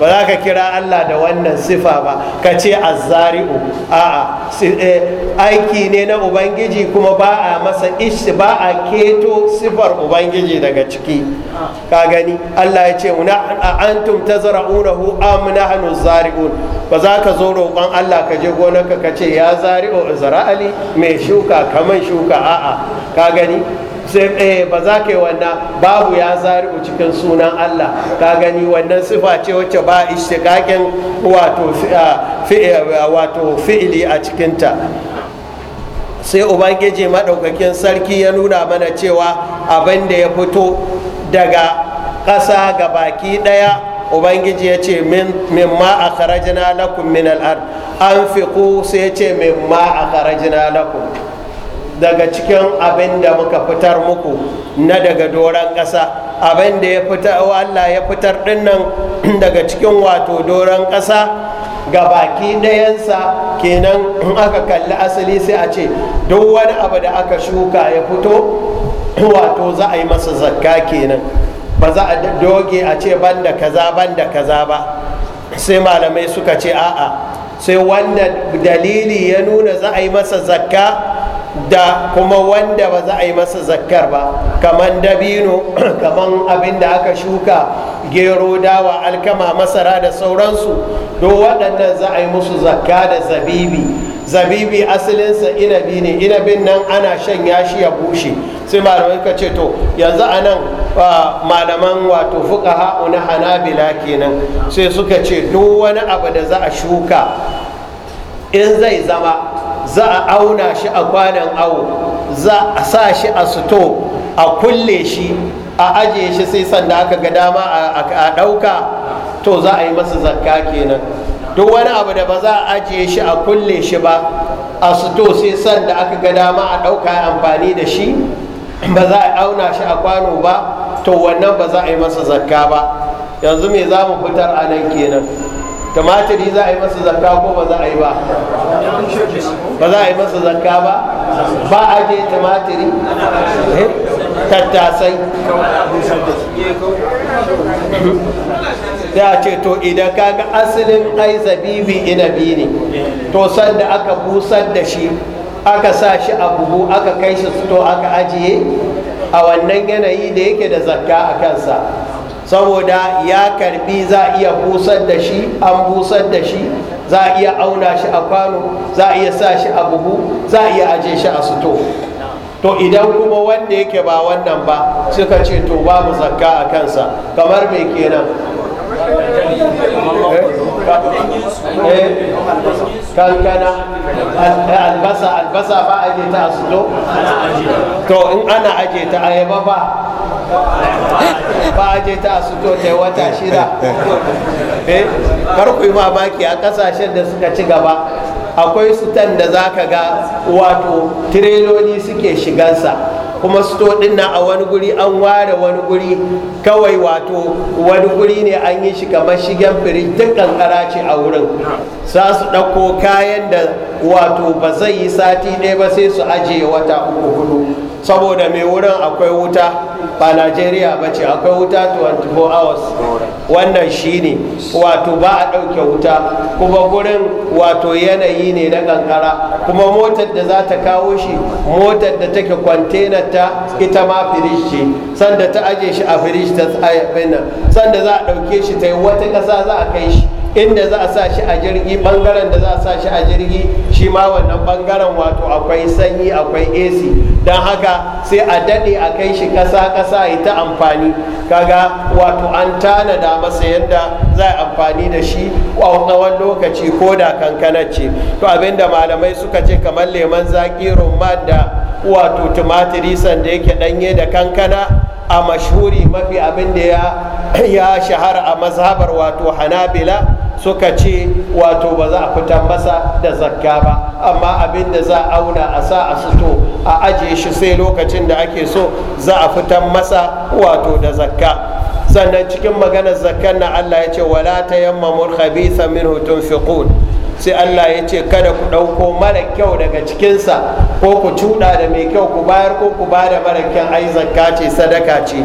ba za ka kira allah da wannan sifa ba ka ce azzari'u a'a eh, aiki ne na ubangiji kuma ba a masa ishi ba a keto sifar ubangiji daga ciki ka gani allah ya ce a antum tazra'unahu am nahnu zari'un ba za ka zo roƙon allah ka je gonarka ka ce ya zari'u zara'ali mai shuka kaman shuka a ka gani Sai eh, ba za ka yi wannan babu ya zari'u cikin sunan Allah ka gani wannan sifa ce wacce ba ishtiqaqin wato wato fi'ili a cikinta sai ubangiji maɗaukakin sarki ya nuna mana cewa abin da ya fito daga ƙasa ga baki ɗaya ubangiji ya ce min ma a karajina lakum min al'ad an fiku sai ya ce min ma a lakum daga cikin abin da muka fitar muku na daga doron ƙasa abin da ya fitar Allah ya fitar dinnan daga cikin wato doron ƙasa ga baki ɗayansa kenan in aka kalli asali sai a ce duk wani abu da aka shuka ya fito wato za a yi masa zakka kenan ba za a doge a ce banda kaza banda kaza ba sai malamai suka ce a'a sai wanda dalili ya nuna za a yi masa zakka da kuma wanda ba za a yi masa zakkar ba kaman dabino kaman abin da aka shuka gero dawa alkama masara da sauransu do waɗannan za a yi musu zakka da zabibi zabibi asalinsa inabi ne inabin nan ana shan yashi ya bushe sai malamai ka ce to yanzu a nan malaman wato fuka ha'una hanabila kenan sai suka ce duk wani abu da za a shuka in zai zama za a auna shi a kwanan awo za a sa shi a suto a kulle shi a ajiye shi sai sanda aka ga dama a ɗauka to za a yi masa zakka kenan duk wani abu da ba za a ajiye shi a kulle shi ba a suto sai sanda aka ga dama a ɗauka amfani da shi ba za a auna shi a kwano ba to wannan ba za a yi masa zakka ba yanzu me za mu fitar a nan kenan tumatiri za a yi masa zakka ko ba za a yi ba ba za a yi masa zakka ba ba a je tumatiri eh, tattasai ya ce to idan kaga asalin ai zabibi inabi ne to sanda aka busar da shi aka sa shi a buhu aka kai shi to aka ajiye a wannan yanayi da yake da zakka a kansa saboda ya karbi za a iya busar da shi an busar da shi za a iya auna shi a kwano za a iya sa shi a buhu za a iya aje shi a suto to idan kuma wanda yake ba wannan ba suka ce to babu zakka a kansa kamar mai kenan eh? kankana albasa albasa ba a ta a sulo to in ana aje ta ayaba ba ba a ta a suto ta wata shida eh, kar ku yi mamaki a kasashen da suka ci gaba akwai sutan da za ka ga wato tireloni suke shigansa kuma sito din na a wani guri an ware wani guri kawai wato wani guri ne an yi shi kamar shigen firij duk kankara ce a wurin za su ɗauko kayan da wato ba zai yi sati ɗaya ba sai su ajiye wata uku hudu saboda mai wurin akwai wuta ba najeriya ba ce akwai wuta 24 hours wannan shine wato ba a ɗauke wuta kuma gurin wato yanayi ne na kankara kuma motar da za ta kawo shi motar da take kwantenar ta ita ma firish ce sanda ta aje shi a firish ta tsaye sanda za a ɗauke shi ta yi wata ƙasa za a kai shi inda za a sa shi a jirgi bangaren da za a sa shi a jirgi shi ma wannan bangaren wato akwai sanyi akwai ac don haka sai a daɗe a kai shi ƙasa-ƙasa yi ta amfani kaga wato an tanada masa yadda za a amfani da shi a tsawon lokaci ko da kankanar ce to da malamai suka ce kamar leman zaƙi rumman da wato tumatiri sanda yake ɗanye da kankana a mashuri mafi abin da ya shahara a mazhabar wato hanabila suka ce wato ba za a fita masa da zakka ba amma abin da za a auna a sa a suto a ajiye shi sai lokacin da ake so za a fita masa wato da zakka sannan cikin maganar zakkan na allah ya ce wala ta yamma murhabisa min hutun fiqun sai allah ya ce kada ku ɗauko mara kyau daga cikinsa ko ku cuɗa da mai kyau ku bayar ko ku bada da mara kyan ai zakka ce sadaka ce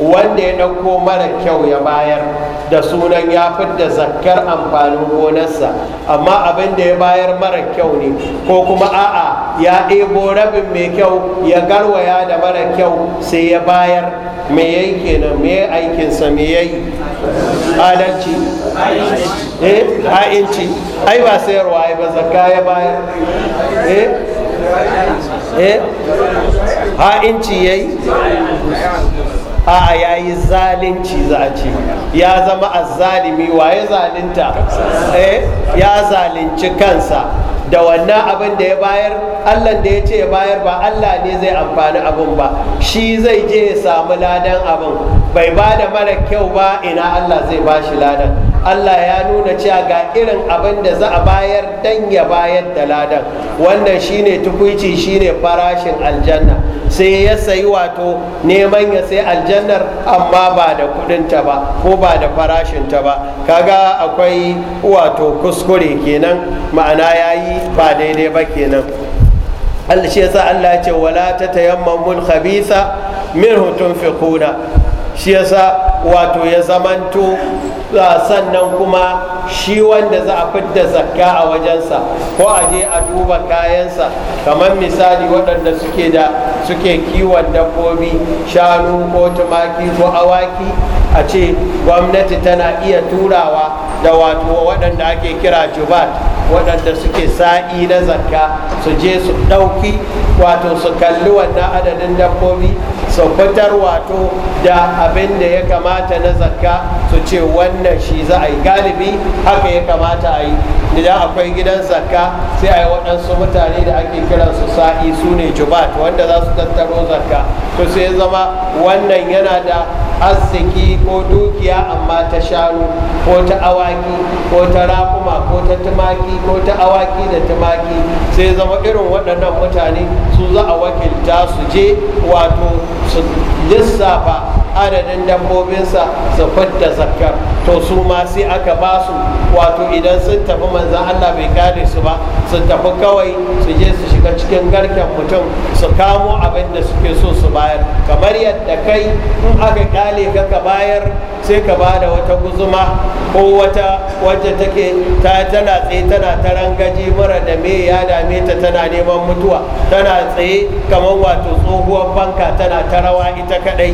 wanda ya ɗauko mara kyau ya bayar da sunan ya da zakkar amfanin gonarsa amma abin da ya bayar mara kyau ne ko kuma a'a ya ɗebo rabin mai kyau ya garwaya da mara kyau sai ya bayar me ya yi kenan me ya aikinsa me ya yi adalci eh ha'inci ai ba sayarwa ai ba zakka ya bayar eh eh ha'inci ya yi a'a ya yi zalunci za a ce ya zama wa ya zalunta eh, ya zalunci kansa da wannan abin da ya bayar allah da ya ce ya bayar ba allah ne zai amfani abin ba shi zai je ya samu ladan abin bai ba da mara kyau ba ina allah zai ba shi ladan Allah ya nuna cewa ga irin abin da za a bayar dan ya bayar da ladan wannan shine tukuici shine farashin aljanna sai ya sayi wato neman ya sai aljannar amma ba da kudinta ba ko ba da farashinta ba kaga akwai wato kuskure kenan ma'ana yayi ba daidai ba kenan Allah shi yasa Allah ce wala ta tayammamul khabitha minhu tunfiquna shi yasa wato ya zamanto Ah, sannan kuma shi wanda za a fidda zakka a wajensa ko a je a duba kayansa kamar misali waɗanda suke da suke kiwon dabbobi shanu ko tumaki ko awaki a ce gwamnati tana iya turawa da wato waɗanda ake kira jubat waɗanda suke sa'i na zakka su je su ɗauki wato su kalli wannan adadin dabbobi su fitar wato da abin da ya kamata na zakka su ce wannan shi za a yi galibi haka ya kamata a yi idan akwai gidan zakka sai a yi waɗansu mutane da ake kiransu sa'i su ne jubat wanda za su tattaro zakka to sai zama wannan yana da arziki ko dukiya amma ta shanu ko ta awaki ko ta raƙuma ko ta tumaki ko ta awaki da tumaki sai zama irin waɗannan mutane su za a wakilta su je wato su lissafa adadin dabbobinsa su fadda zakka to su ma sai aka ba su wato idan sun tafi manzan allah bai kare su ba su tafi kawai su je su shiga cikin garken mutum su kamo abin da suke so su bayar kamar yadda kai in aka kale ka ka bayar sai ka ba da wata guzuma ko wata wacce take ta tana tsaye tana tarangaji rangaji mara da me ya dame ta tana neman mutuwa tana tsaye kamar wato tsohuwar banka tana ta rawa ita kadai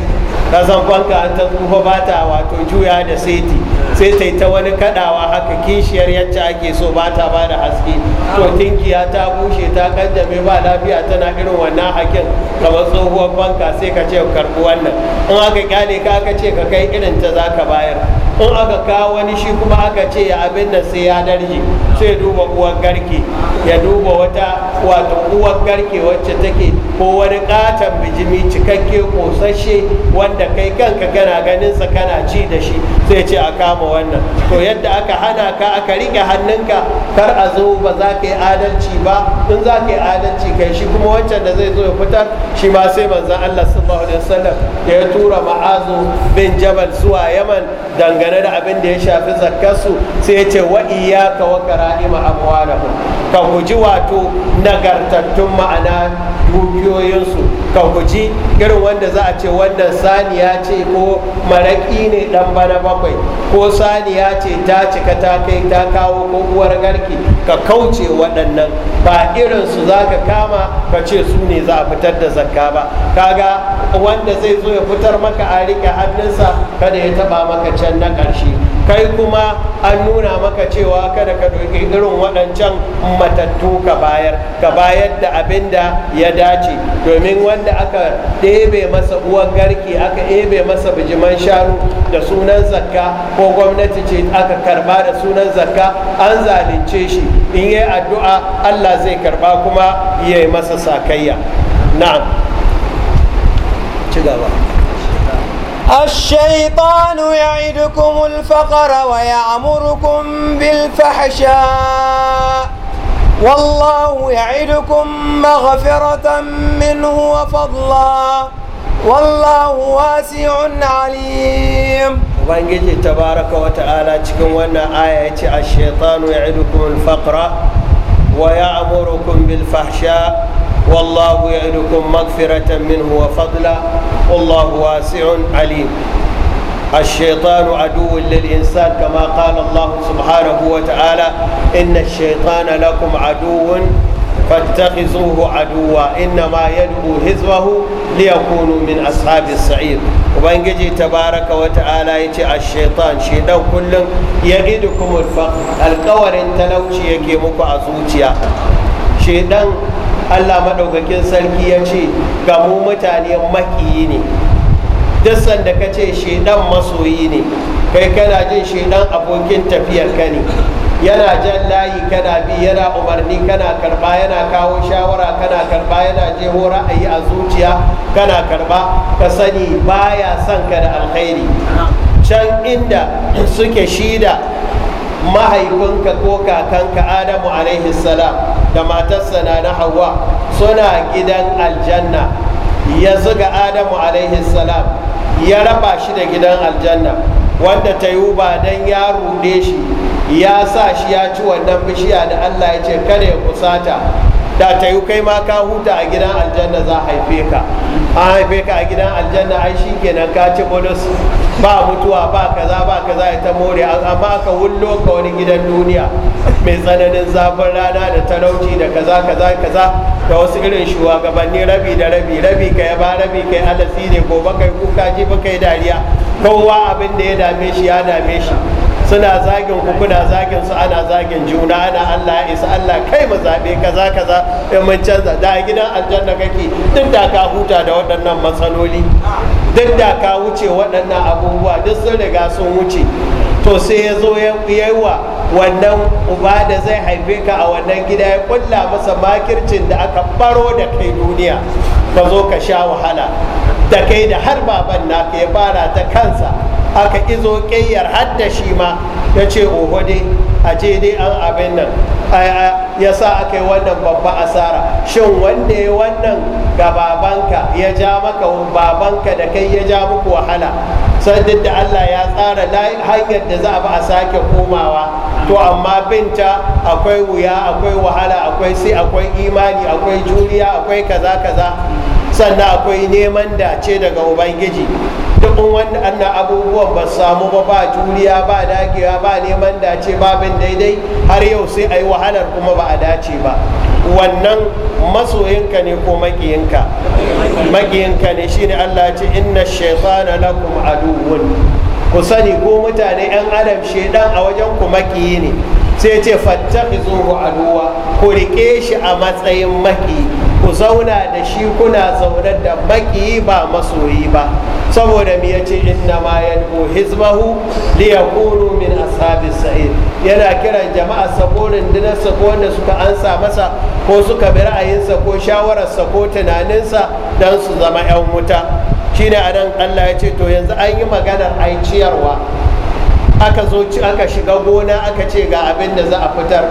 kasan kwanka ta tsufa ba ta wato juya da seti sai ta yi ta wani kadawa haka kishiyar yacce ake so ba ta ba da haske to tinkiya ta bushe ta kaddame ba lafiya tana irin wannan hakin kamar tsohuwar banka sai ka ce karbi wannan in aka kyale ka ka ce ka kai irin ta za ka bayar in aka kawo wani shi kuma aka ce ya abin da sai ya darje sai duba uwar garke ya duba wata wato uwar garke wacce take ko wani katon bijimi cikakke kosashe wanda kai kanka kana ganinsa kana ci da shi sai ce a kama wannan to yadda aka hana ka aka rike hannunka kar a zo ba za ka yi adalci ba in za ka yi adalci kai shi kuma wancan da zai zo ya fitar shi ma sai manzan Allah sallallahu alaihi wasallam ya tura ma'azu bin jabal zuwa yaman dangane dangane da abin da ya shafi zakkarsu sai ya ce wa iyaka wa kara'ima amwalahum ka guji wato nagartattun ma'ana dukiyoyinsu ka guji irin wanda za a ce wannan saniya ce ko maraƙi ne dan bana bakwai ko saniya ce ta cika ta kai ta kawo ko uwar garki ka kauce waɗannan ba irin su za ka kama ka ce su ne za a fitar da zakka ba kaga wanda zai zo ya fitar maka a riƙe hannunsa kada ya taɓa maka can na ƙarshe kai kuma an nuna maka cewa kada ka ɗauki irin waɗancan matattu ka bayar ka bayar da abin da ya dace domin wanda aka ɗebe masa uwar garki aka ɗebe masa bijiman shanu da sunan zakka ko gwamnati ce aka karba da sunan zakka an zalunce shi in yi addu'a allah zai karba kuma ya yi masa sakayya na'am ci gaba الشيطان يعدكم الفقر ويعمركم بالفحشاء والله يعدكم مغفرة منه وفضلا والله واسع عليم ubangiji تبارك وتعالى تكون cikin wannan aya ya ce ويعمركم بالفحشاء والله يعدكم مغفرة منه وفضلا والله واسع عليم الشيطان عدو للإنسان كما قال الله سبحانه وتعالى إن الشيطان لكم عدو فاتخذوه عدوا إنما يدعو هزوه ليكونوا من أصحاب السعير ubangiji tabaraka wa ta'ala ya ce ashaitan shaitan shi kullum ya idu kumurfa alkawarin talauci yake muku a zuciya shi allah maɗaukakin sarki ya ce ga mu mutane makiyi ne duk sanda ka ce shi masoyi ne kai kana jin shi abokin tafiyar ka ne yana jan layi kana bi yana umarni kana karba yana kawo shawara kana karba yana jeho ra'ayi a zuciya kana karba ka sani baya son ka da alkhairi can inda suke shida mahaifinka ko kakanka adamu alaihi salam da matarsa na na hawa suna gidan aljanna ya zuga adamu alaihi salam ya raba shi da gidan aljanna wanda ta yi ba don ya ruɗe shi ya sa shi ya ci wannan bishiya da allah ya ce kada ya kusata da ta yi kai ma ka huta a gidan aljanna za a haife ka a haife ka a gidan aljanna ai shi kenan ka ci bonus ba mutuwa ba kaza ba kaza ya ta more amma ka hullo ka wani gidan duniya mai tsananin zafin rana da talauci da kaza kaza kaza da wasu irin shugabanni rabi da rabi rabi kai ba rabi kai alasi ne gobe kai kuka ji ba kai dariya kowa abin da ya dame shi ya dame shi suna zagin ku kuna zagin su ana zagin juna ana Allah ya isa Allah kai mu zabe kaza kaza in mun canza da gidan aljanna kake duk da ka huta da waɗannan matsaloli duk da ka wuce waɗannan abubuwa duk sun riga sun wuce to sai ya zo ya wa wannan uba da zai haife ka a wannan gida ya kulla masa makircin da aka baro da kai duniya ka zo ka sha wahala da kai da har baban naka ya fara ta kansa aka izo ƙayyar hadda shi ma ya ce oho dai a je dai an abin nan ya sa aka yi wannan babba asara shin wanda ya wannan ga babanka ya ja maka babanka da kai ya ja muku wahala sannan da Allah ya tsara hanyar da za a ba a sake komawa to amma binta akwai wuya akwai wahala akwai sai akwai imani akwai juriya akwai kaza kaza sannan akwai neman dace daga ubangiji duk wannan abubuwan ba samu ba ba juriya ba dagewa ba neman dace babin daidai har yau sai a yi wahalar kuma ba a dace ba wannan masoyinka ne ko makiyinka makiyinka ne shine allah ce inna shaitana lakum aduwwun ku sani ko mutane yan adam shaidan a wajen ku makiyi ne sai ce fattakizuhu aduwa ku rike shi a matsayin makiyi ku zauna da shi kuna zaune da baki ba masoyi ba saboda mi ya ce inna ma yad'u hizbahu li yakunu min ashabi sa'id yana kiran jama'a sakonin sa ko wanda suka ansa masa ko suka bi ra'ayinsa ko shawararsa ko tunaninsa don su zama 'yan wuta shine nan Allah ya ce to yanzu an yi maganar ai ciyarwa aka zo aka shiga gona aka ce ga abin da za a fitar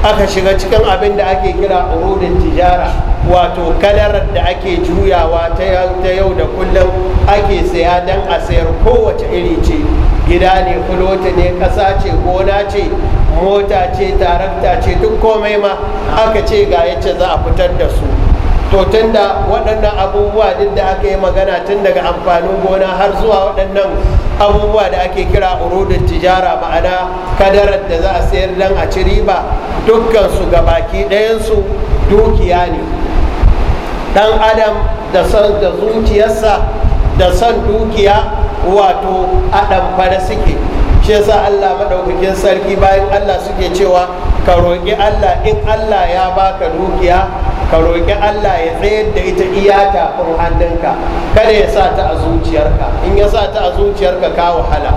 aka shiga cikin abin da ake kira urudin tijara wato kadarar da ake juyawa ta yau da kullum ake saya don a sayar kowace iri ce gida ne kulota ne ƙasa ce gona ce mota ce tarakta ce duk komai ma aka ce ga yace za a fitar da su to tunda waɗannan abubuwa duk da aka yi magana tun daga amfanin gona har zuwa waɗannan abubuwa da ake kira urudin tijara ma'ana kadarar da za a sayar don a ci riba dukkan ga baki ɗayansu dukiya ne dan adam da son da zuciyarsa da son dukiya wato adam fara suke shi yasa allah madaukakin sarki bayan allah suke cewa ka roƙi allah in allah ya baka dukiya ka roƙi allah ya tsayar da ita iya tafin kada ya sa ta a zuciyarka in ya sa ta a zuciyarka ka wahala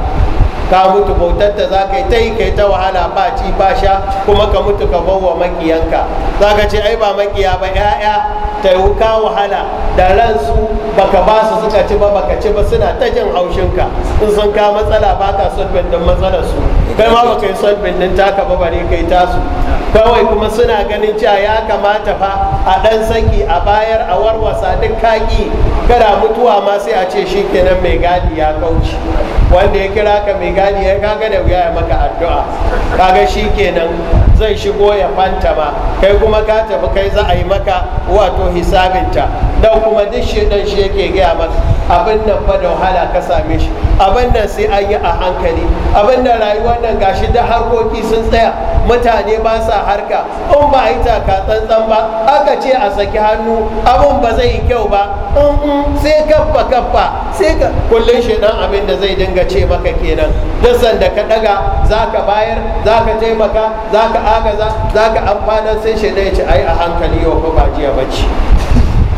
ka mutu bautar ta za ka yi ta yi kai ta wahala ba ci ba sha kuma ka mutu ka bawa makiyanka za ka ce ai ba makiya ba 'ya'ya ta yi wuka wahala da ransu baka ba su suka ci ba baka ci ba suna ta jin haushinka in sun ka matsala ba ka solvent din matsalar su kai ma baka yi solvent din taka ba bare kai tasu kawai kuma suna ganin cewa ya kamata fa a dan saki a bayar a warwasa duk kaki kada mutuwa ma sai a ce shi kenan mai gadi ya kauce wanda ya kira ka mai gadi ya kaga da wuya ya maka addu'a kaga shi kenan zai shigo ya fanta ba kai kuma ka tafi kai za a yi maka wato hisabinta dan kuma duk dan shi yake gaya maka abin nan fa da wahala ka same shi abin nan sai an yi a hankali abin da rayuwar nan gashi da harkoki sun tsaya mutane ba sa harka in ba a yi taka tsantsan ba aka ce a saki hannu abin ba zai yi kyau ba sai kaffa kaffa sai ka kullum dan abin da zai dinga ce maka kenan duk sanda ka daga zaka bayar zaka taimaka zaka haka za ka amfana sai shaidan ya ce ai a hankali yau ko ba jiya bace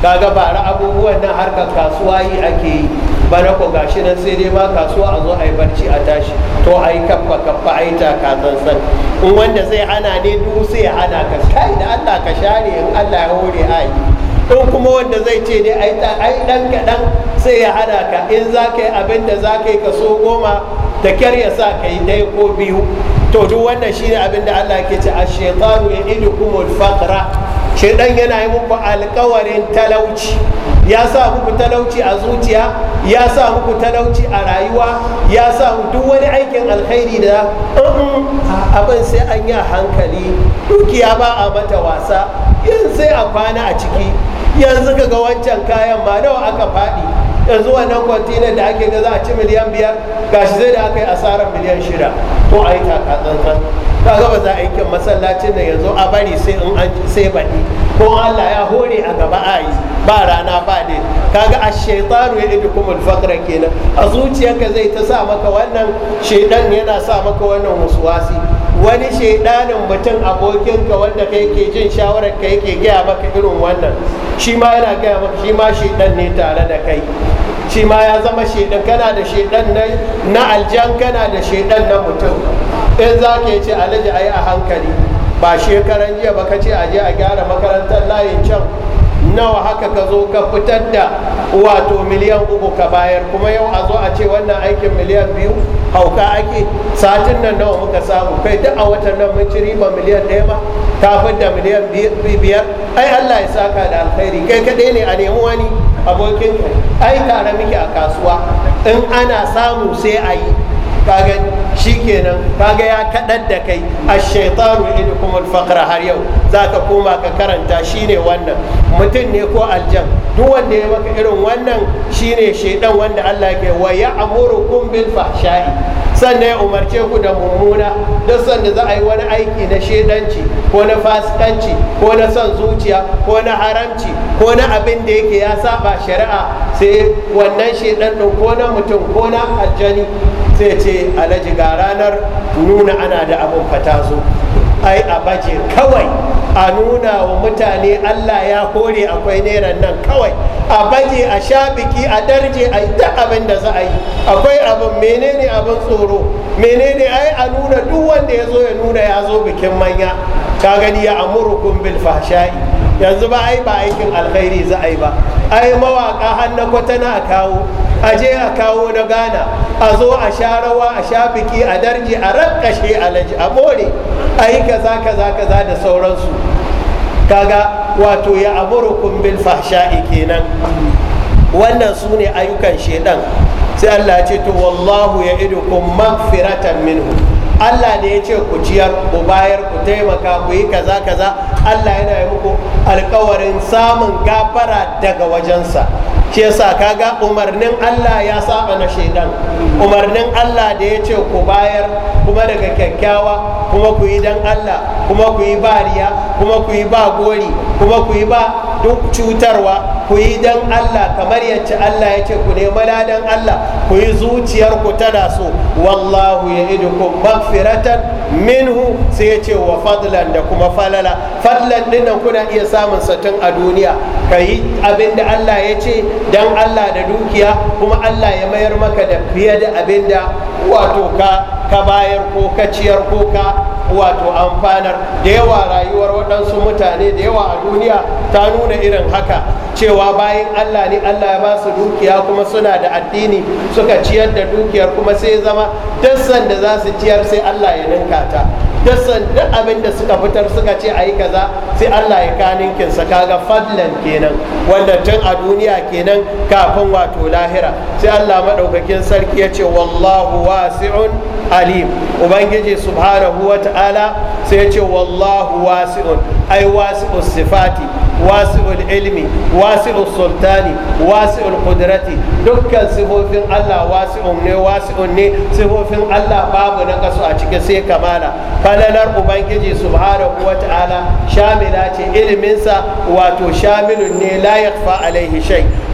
kaga bara abubuwan nan harkar kasuwa yi ake yi na ko gashi nan sai dai ma kasuwa a zo a barci a tashi to ai kaffa kaffa taka tsantsan in wanda zai ana ne duhu sai ya ana ka kai da allah ka share in allah ya hore a yi kuma wanda zai ce dai ai dan dan sai ya hada ka in za ka yi abin da za ka yi kaso goma da kyar ya sa ka yi ɗaya ko biyu to duk wannan shine abin da Allah yake ce a shaytanu ya'idukum al-faqra shedan yana yi muku alkawarin talauci ya sa muku talauci a zuciya ya sa muku talauci a rayuwa ya sa duk wani aikin alkhairi da um, abin sai an yi hankali dukiya ba a mata wasa Yin sai a kwana a ciki yanzu ga wancan kayan ba nawa aka faɗi yanzu wannan kwantinan da ake ga za a ci miliyan biyar gashi zai da aka yi asarar miliyan shida to a yi tsantsan ka gaba za a yi kyan masallacin da yanzu a bari sai in an sai baɗi ko allah ya hore a gaba a yi ba rana ba ne kaga a shaitanu ya ɗabi kuma alfakra kenan a zuciyarka zai ta sa maka wannan shaidan yana sa maka wannan wasuwasi wani shaidanin mutum abokinka wanda kai ke jin shawarar ka yake gaya maka irin wannan shi ma yana gaya maka shi ma shaidan ne tare da kai shi ma ya zama shedan kana da shedan na aljan kana da shedan na mutum in za ka ce alaji a yi a hankali ba shekaran jiya ba ka ce a je a gyara makarantar layin can nawa haka ka zo ka fitar da wato miliyan uku ka bayar kuma yau a zo a ce wannan aikin miliyan biyu hauka ake satin nan nawa muka samu kai duk a watan nan mun ci riba miliyan ɗaya ma ta da miliyan biyar ai allah ya saka da alkhairi kai kaɗai ne a nemi wani abokin ai tare muke a kasuwa in ana samu sai a yi kaga shikenan kaga ya kadar da kai ash-shaytanu idukum al-faqra har yau zaka koma ka karanta shine wannan mutum ne ko aljan duk wanda ya maka irin wannan shine shaidan wanda Allah ke wa ya ya'murukum bil fahsha'i sannan ya umarce ku da mummuna duk sanda za a yi wani aiki na shaidanci ko na fasikanci ko na son zuciya ko na haramci ko na abin da yake ya saba shari'a sai wannan shaidan din ko na mutum ko na aljani zai ce alhaji ga ranar nuna ana da abin fata zo ai a baje kawai a nuna wa mutane allah ya kore akwai neran nan kawai a baje a sha biki a darje a ita abin da za a yi akwai abin menene abin tsoro menene ai a nuna duk wanda ya zo ya nuna ya zo bikin manya ka gani ya amuru bil fashai yanzu ba ai ba aikin alkhairi za a yi ba ai mawaka har na kwatana a kawo a je a kawo na ghana a zo a sha rawa a sha biki a darji a rankashe alaji a more a yi kaza kaza kaza da sauransu kaga wato ya amurukum bil fahsha'i kenan wannan su ne ayyukan shedan sai allah ce to wallahu ya kun magfiratan minhu Allah da ya ce ku ciyar ku bayar ku taimaka ku yi kaza kaza Allah yana yi muku alkawarin samun gafara daga wajensa ke sa kaga umarnin Allah ya saba na shaidan umarnin Allah da ya ce ku bayar kuma daga kyakkyawa kuma ku yi dan Allah kuma ku yi ba kuma ku yi ba gori kuma ku yi ba duk cutarwa ku yi dan Allah kamar yacce Allah yake ku ku nema dan Allah ku yi zuciyar ku tana so wallahu ya idukum magfiratan minhu sai yace wa fadlan da kuma falala fadlan dinnan kuna iya samun satin a duniya ka yi abin da Allah yace dan Allah da dukiya kuma Allah ya mayar maka da fiye da abin da wato ka ka bayar ko ka ciyar ko ka wato amfanar da yawa rayuwar waɗansu mutane da yawa a duniya ta nuna nuna irin haka cewa bayan allah ne allah ya ba su dukiya kuma suna da addini suka ciyar da dukiyar kuma sai zama dassan da za su ciyar sai allah ya ninka ta dassan duk abin da suka fitar suka ce a yi kaza sai allah ya sa kaga fadlan kenan wanda tun a duniya kenan kafin wato lahira sai allah maɗaukakin sarki ya ce wallahu wasi'un alim ubangiji subhanahu wa ta'ala sai ya ce wallahu wasi'un ai wasi'us sifati wasi'ul ilmi wasi'ul sultani wasi'ul qudrati dukkan sifofin Allah wasi'un ne wasi'un ne sifofin Allah babu na kasu a cikin sai kamala falalar ubangiji subhanahu ta'ala shamila ce iliminsa wato shamilu ne la yakfa alaihi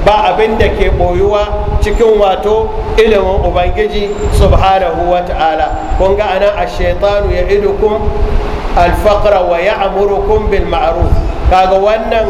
ba abinda ke boyuwa cikin wato ilimin ubangiji subhanahu wata'ala kun ga anan a ash-shaytanu kum. alfaqra wa ya'murukum bil ma'ruf kaga wannan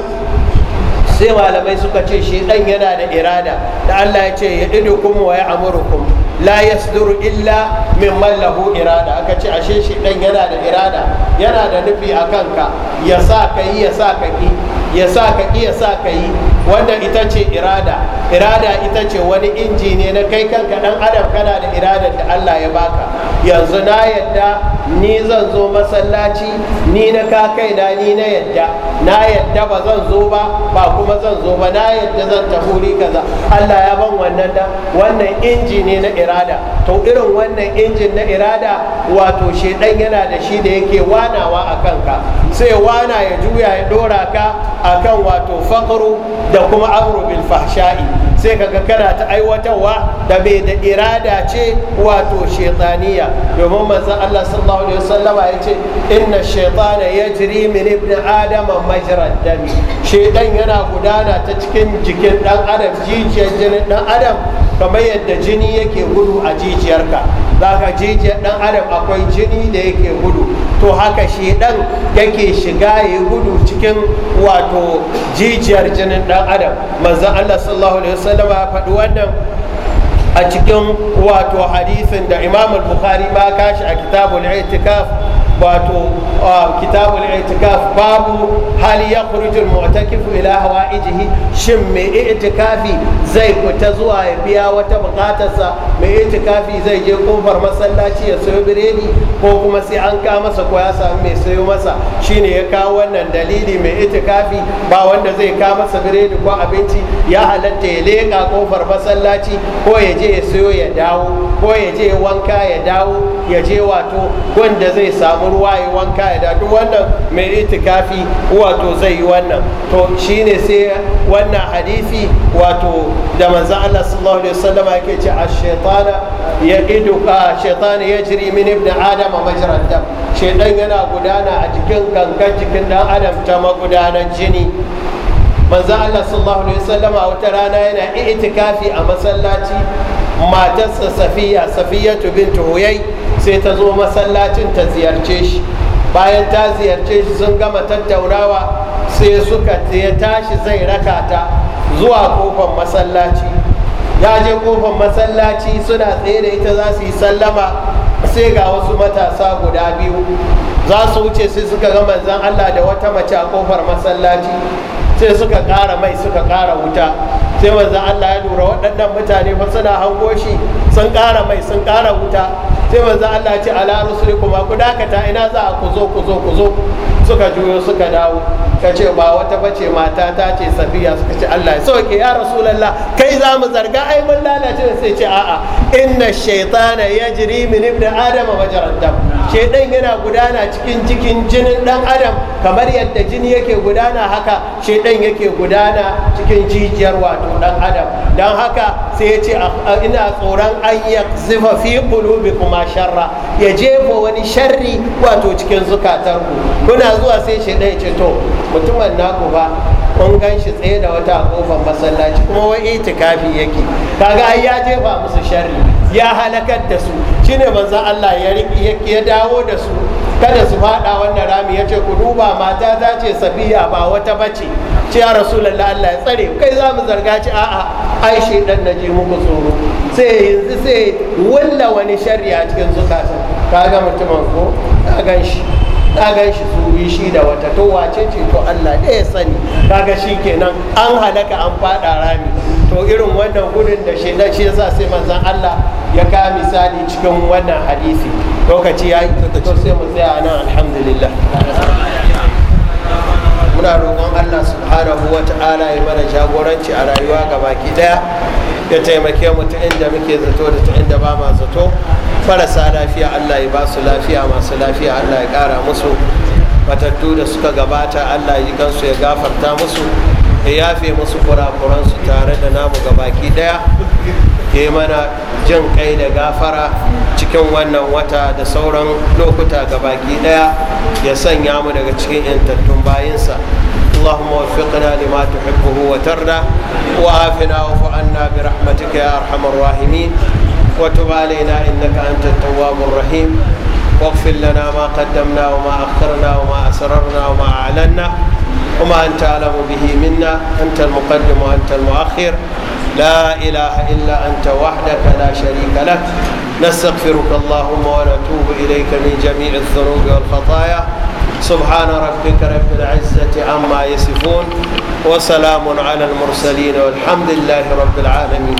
sai malamai suka ce shi dan yana da irada da Allah ya ce ya'idukum wa ya'murukum la yasduru illa min mallahu irada aka ce ashe shi dan yana da irada yana da nufi a kanka ya sa ka yi ya sa ka ki ya sa ka ki ya sa ka yi wanda ita ce irada irada ita ce wani inji ne na kai kanka dan adam kana da iradar da Allah ya baka yanzu na yadda ni zan zo masallaci ni na ka kai da ni na yadda na yadda ba zan zo ba ba kuma zan zo ba na yadda zan tahuri kaza Allah ya ban wannan da wannan inji ne na irada to irin wannan injin na irada wato shedan yana da shi da yake wanawa a kanka sai wana ya juya ya dora ka akan wato faqru da kuma amru bil fahsha'i sai kaga kana ta aiwatarwa da bai da irada ce wato shaitaniya domin manzon Allah sallallahu alaihi wasallama ya ce inna shaitana yajri min ibn adama majrad dami shaitan yana gudana ta cikin jikin dan adam jijiyar jinin dan adam kamar yadda jini yake gudu a jijiyarka Zaka jijiyar ɗan adam akwai jini da yake gudu to haka shi dan yake shiga ya gudu cikin wato jijiyar jinin dan adam manzan allah sallallahu alaihi wasallam ya faɗi wannan a cikin wato hadisin da imamul bukhari ma kashi a kitabul itikaf wato kitabul i'tikaf babu hal yakhruju al mu'takif ila hawaijihi shin mai i'tikafi zai fita zuwa ya biya wata bukatarsa mai i'tikafi zai je kofar masallaci ya sayo biredi ko kuma sai an ka masa ko ya samu mai sayo masa shine ya kawo wannan dalili mai i'tikafi ba wanda zai ka masa biredi ko abinci ya halatta ya leka kofar masallaci ko ya je ya sayo ya dawo ko ya je wanka ya dawo ya je wato wanda zai samu samu ruwa ya wanka ya da duk wannan mai itikafi wato zai yi wannan to shine sai wannan hadisi wato da manzon Allah sallallahu alaihi wasallam yake ce ash-shaytana ya'iduka shaytan yajri min ibn adam majra dam shaytan yana gudana a jikin gangan jikin dan adam ta magudanan jini manzo Allah sallallahu alaihi wasallam a wata rana yana itikafi a masallaci matarsa safiya safiyatu bintu huyai sai ta zo masallacin ta ziyarce shi bayan ta ziyarce shi sun gama tattaunawa sai suka ya tashi zai raka ta zuwa kofar masallaci ya je kofar masallaci suna tsaye da ita za su yi sallama sai ga wasu matasa guda biyu za su wuce sai suka ga manzan allah da wata mace a kofar masallaci sai suka kara mai suka ƙara wuta sai manzan Allah ya lura waɗannan mutane fa suna hango shi sun ƙara mai sun ƙara wuta sai wanzan Allah ya ce ala rusuli kuma ku dakata ina za a ku zo ku zo ku zo suka juyo suka dawo ka ce ba wata bace mata ta ce safiya suka ce Allah ya sauke ya rasulallah kai za mu zarga ai mun lalace sai ce a'a inna shaytana yajri min ibn adama wa dam shedan yana gudana cikin cikin jinin dan adam kamar yadda jini yake gudana haka shedan yake gudana cikin jijiyar wato dan adam dan haka sai ya ce ah, ina tsoron an yakzifa fi qulubikum sharra ya jefa wani sharri wato cikin zukatarku kuna zuwa sai shi ɗaya ce to mutumin naku ba kun gan shi tsaye da wata kofar masallaci kuma wai itikafi yake kaga ai ya jefa musu sharri ya halakar da su shine manzon Allah ya riki ya dawo da su kada su fada wannan rami ya ce ku duba mata ta ce safiya ba wata bace ce ya rasulullahi Allah ya tsare kai za mu zarga ci a'a ai shaidan na ji muku tsoro sai yanzu sai walla wani sharri a cikin zukatan kaga mutumin ko ka gan shi ka gan shi tsuri shi da wata to wace ce to Allah da ya sani kaga shi kenan an halaka an fada rami to irin wannan gudun da shi shi yasa sai manzon Allah ya ka misali cikin wannan hadisi lokaci ya yi to sai mu tsaya nan alhamdulillah muna roƙon Allah subhanahu wa ta'ala ya mana jagoranci a rayuwa ga baki daya ya taimake mu ta inda muke zato da ta inda ba ma zato marasa lafiya allah ya ba su lafiya masu lafiya allah ya kara musu matattu da suka gabata allah ya kansu ya gafarta musu ya yafe musu kurakuransu tare da namu gabaki daya ya mana jin kai da gafara cikin wannan wata da sauran lokuta gabaki daya ya sanya mu daga cikin yantattun bayinsa اللهم وفقنا لما تحبه وترضى وعافنا واعف برحمتك يا ارحم الراحمين وتب علينا إنك أنت التواب الرحيم واغفر لنا ما قدمنا وما أخرنا وما أسررنا وما أعلنا وما أنت أعلم به منا أنت المقدم وأنت المؤخر لا إله إلا أنت وحدك لا شريك لك نستغفرك اللهم ونتوب إليك من جميع الذنوب والخطايا سبحان ربك رب العزة عما يصفون وسلام على المرسلين والحمد لله رب العالمين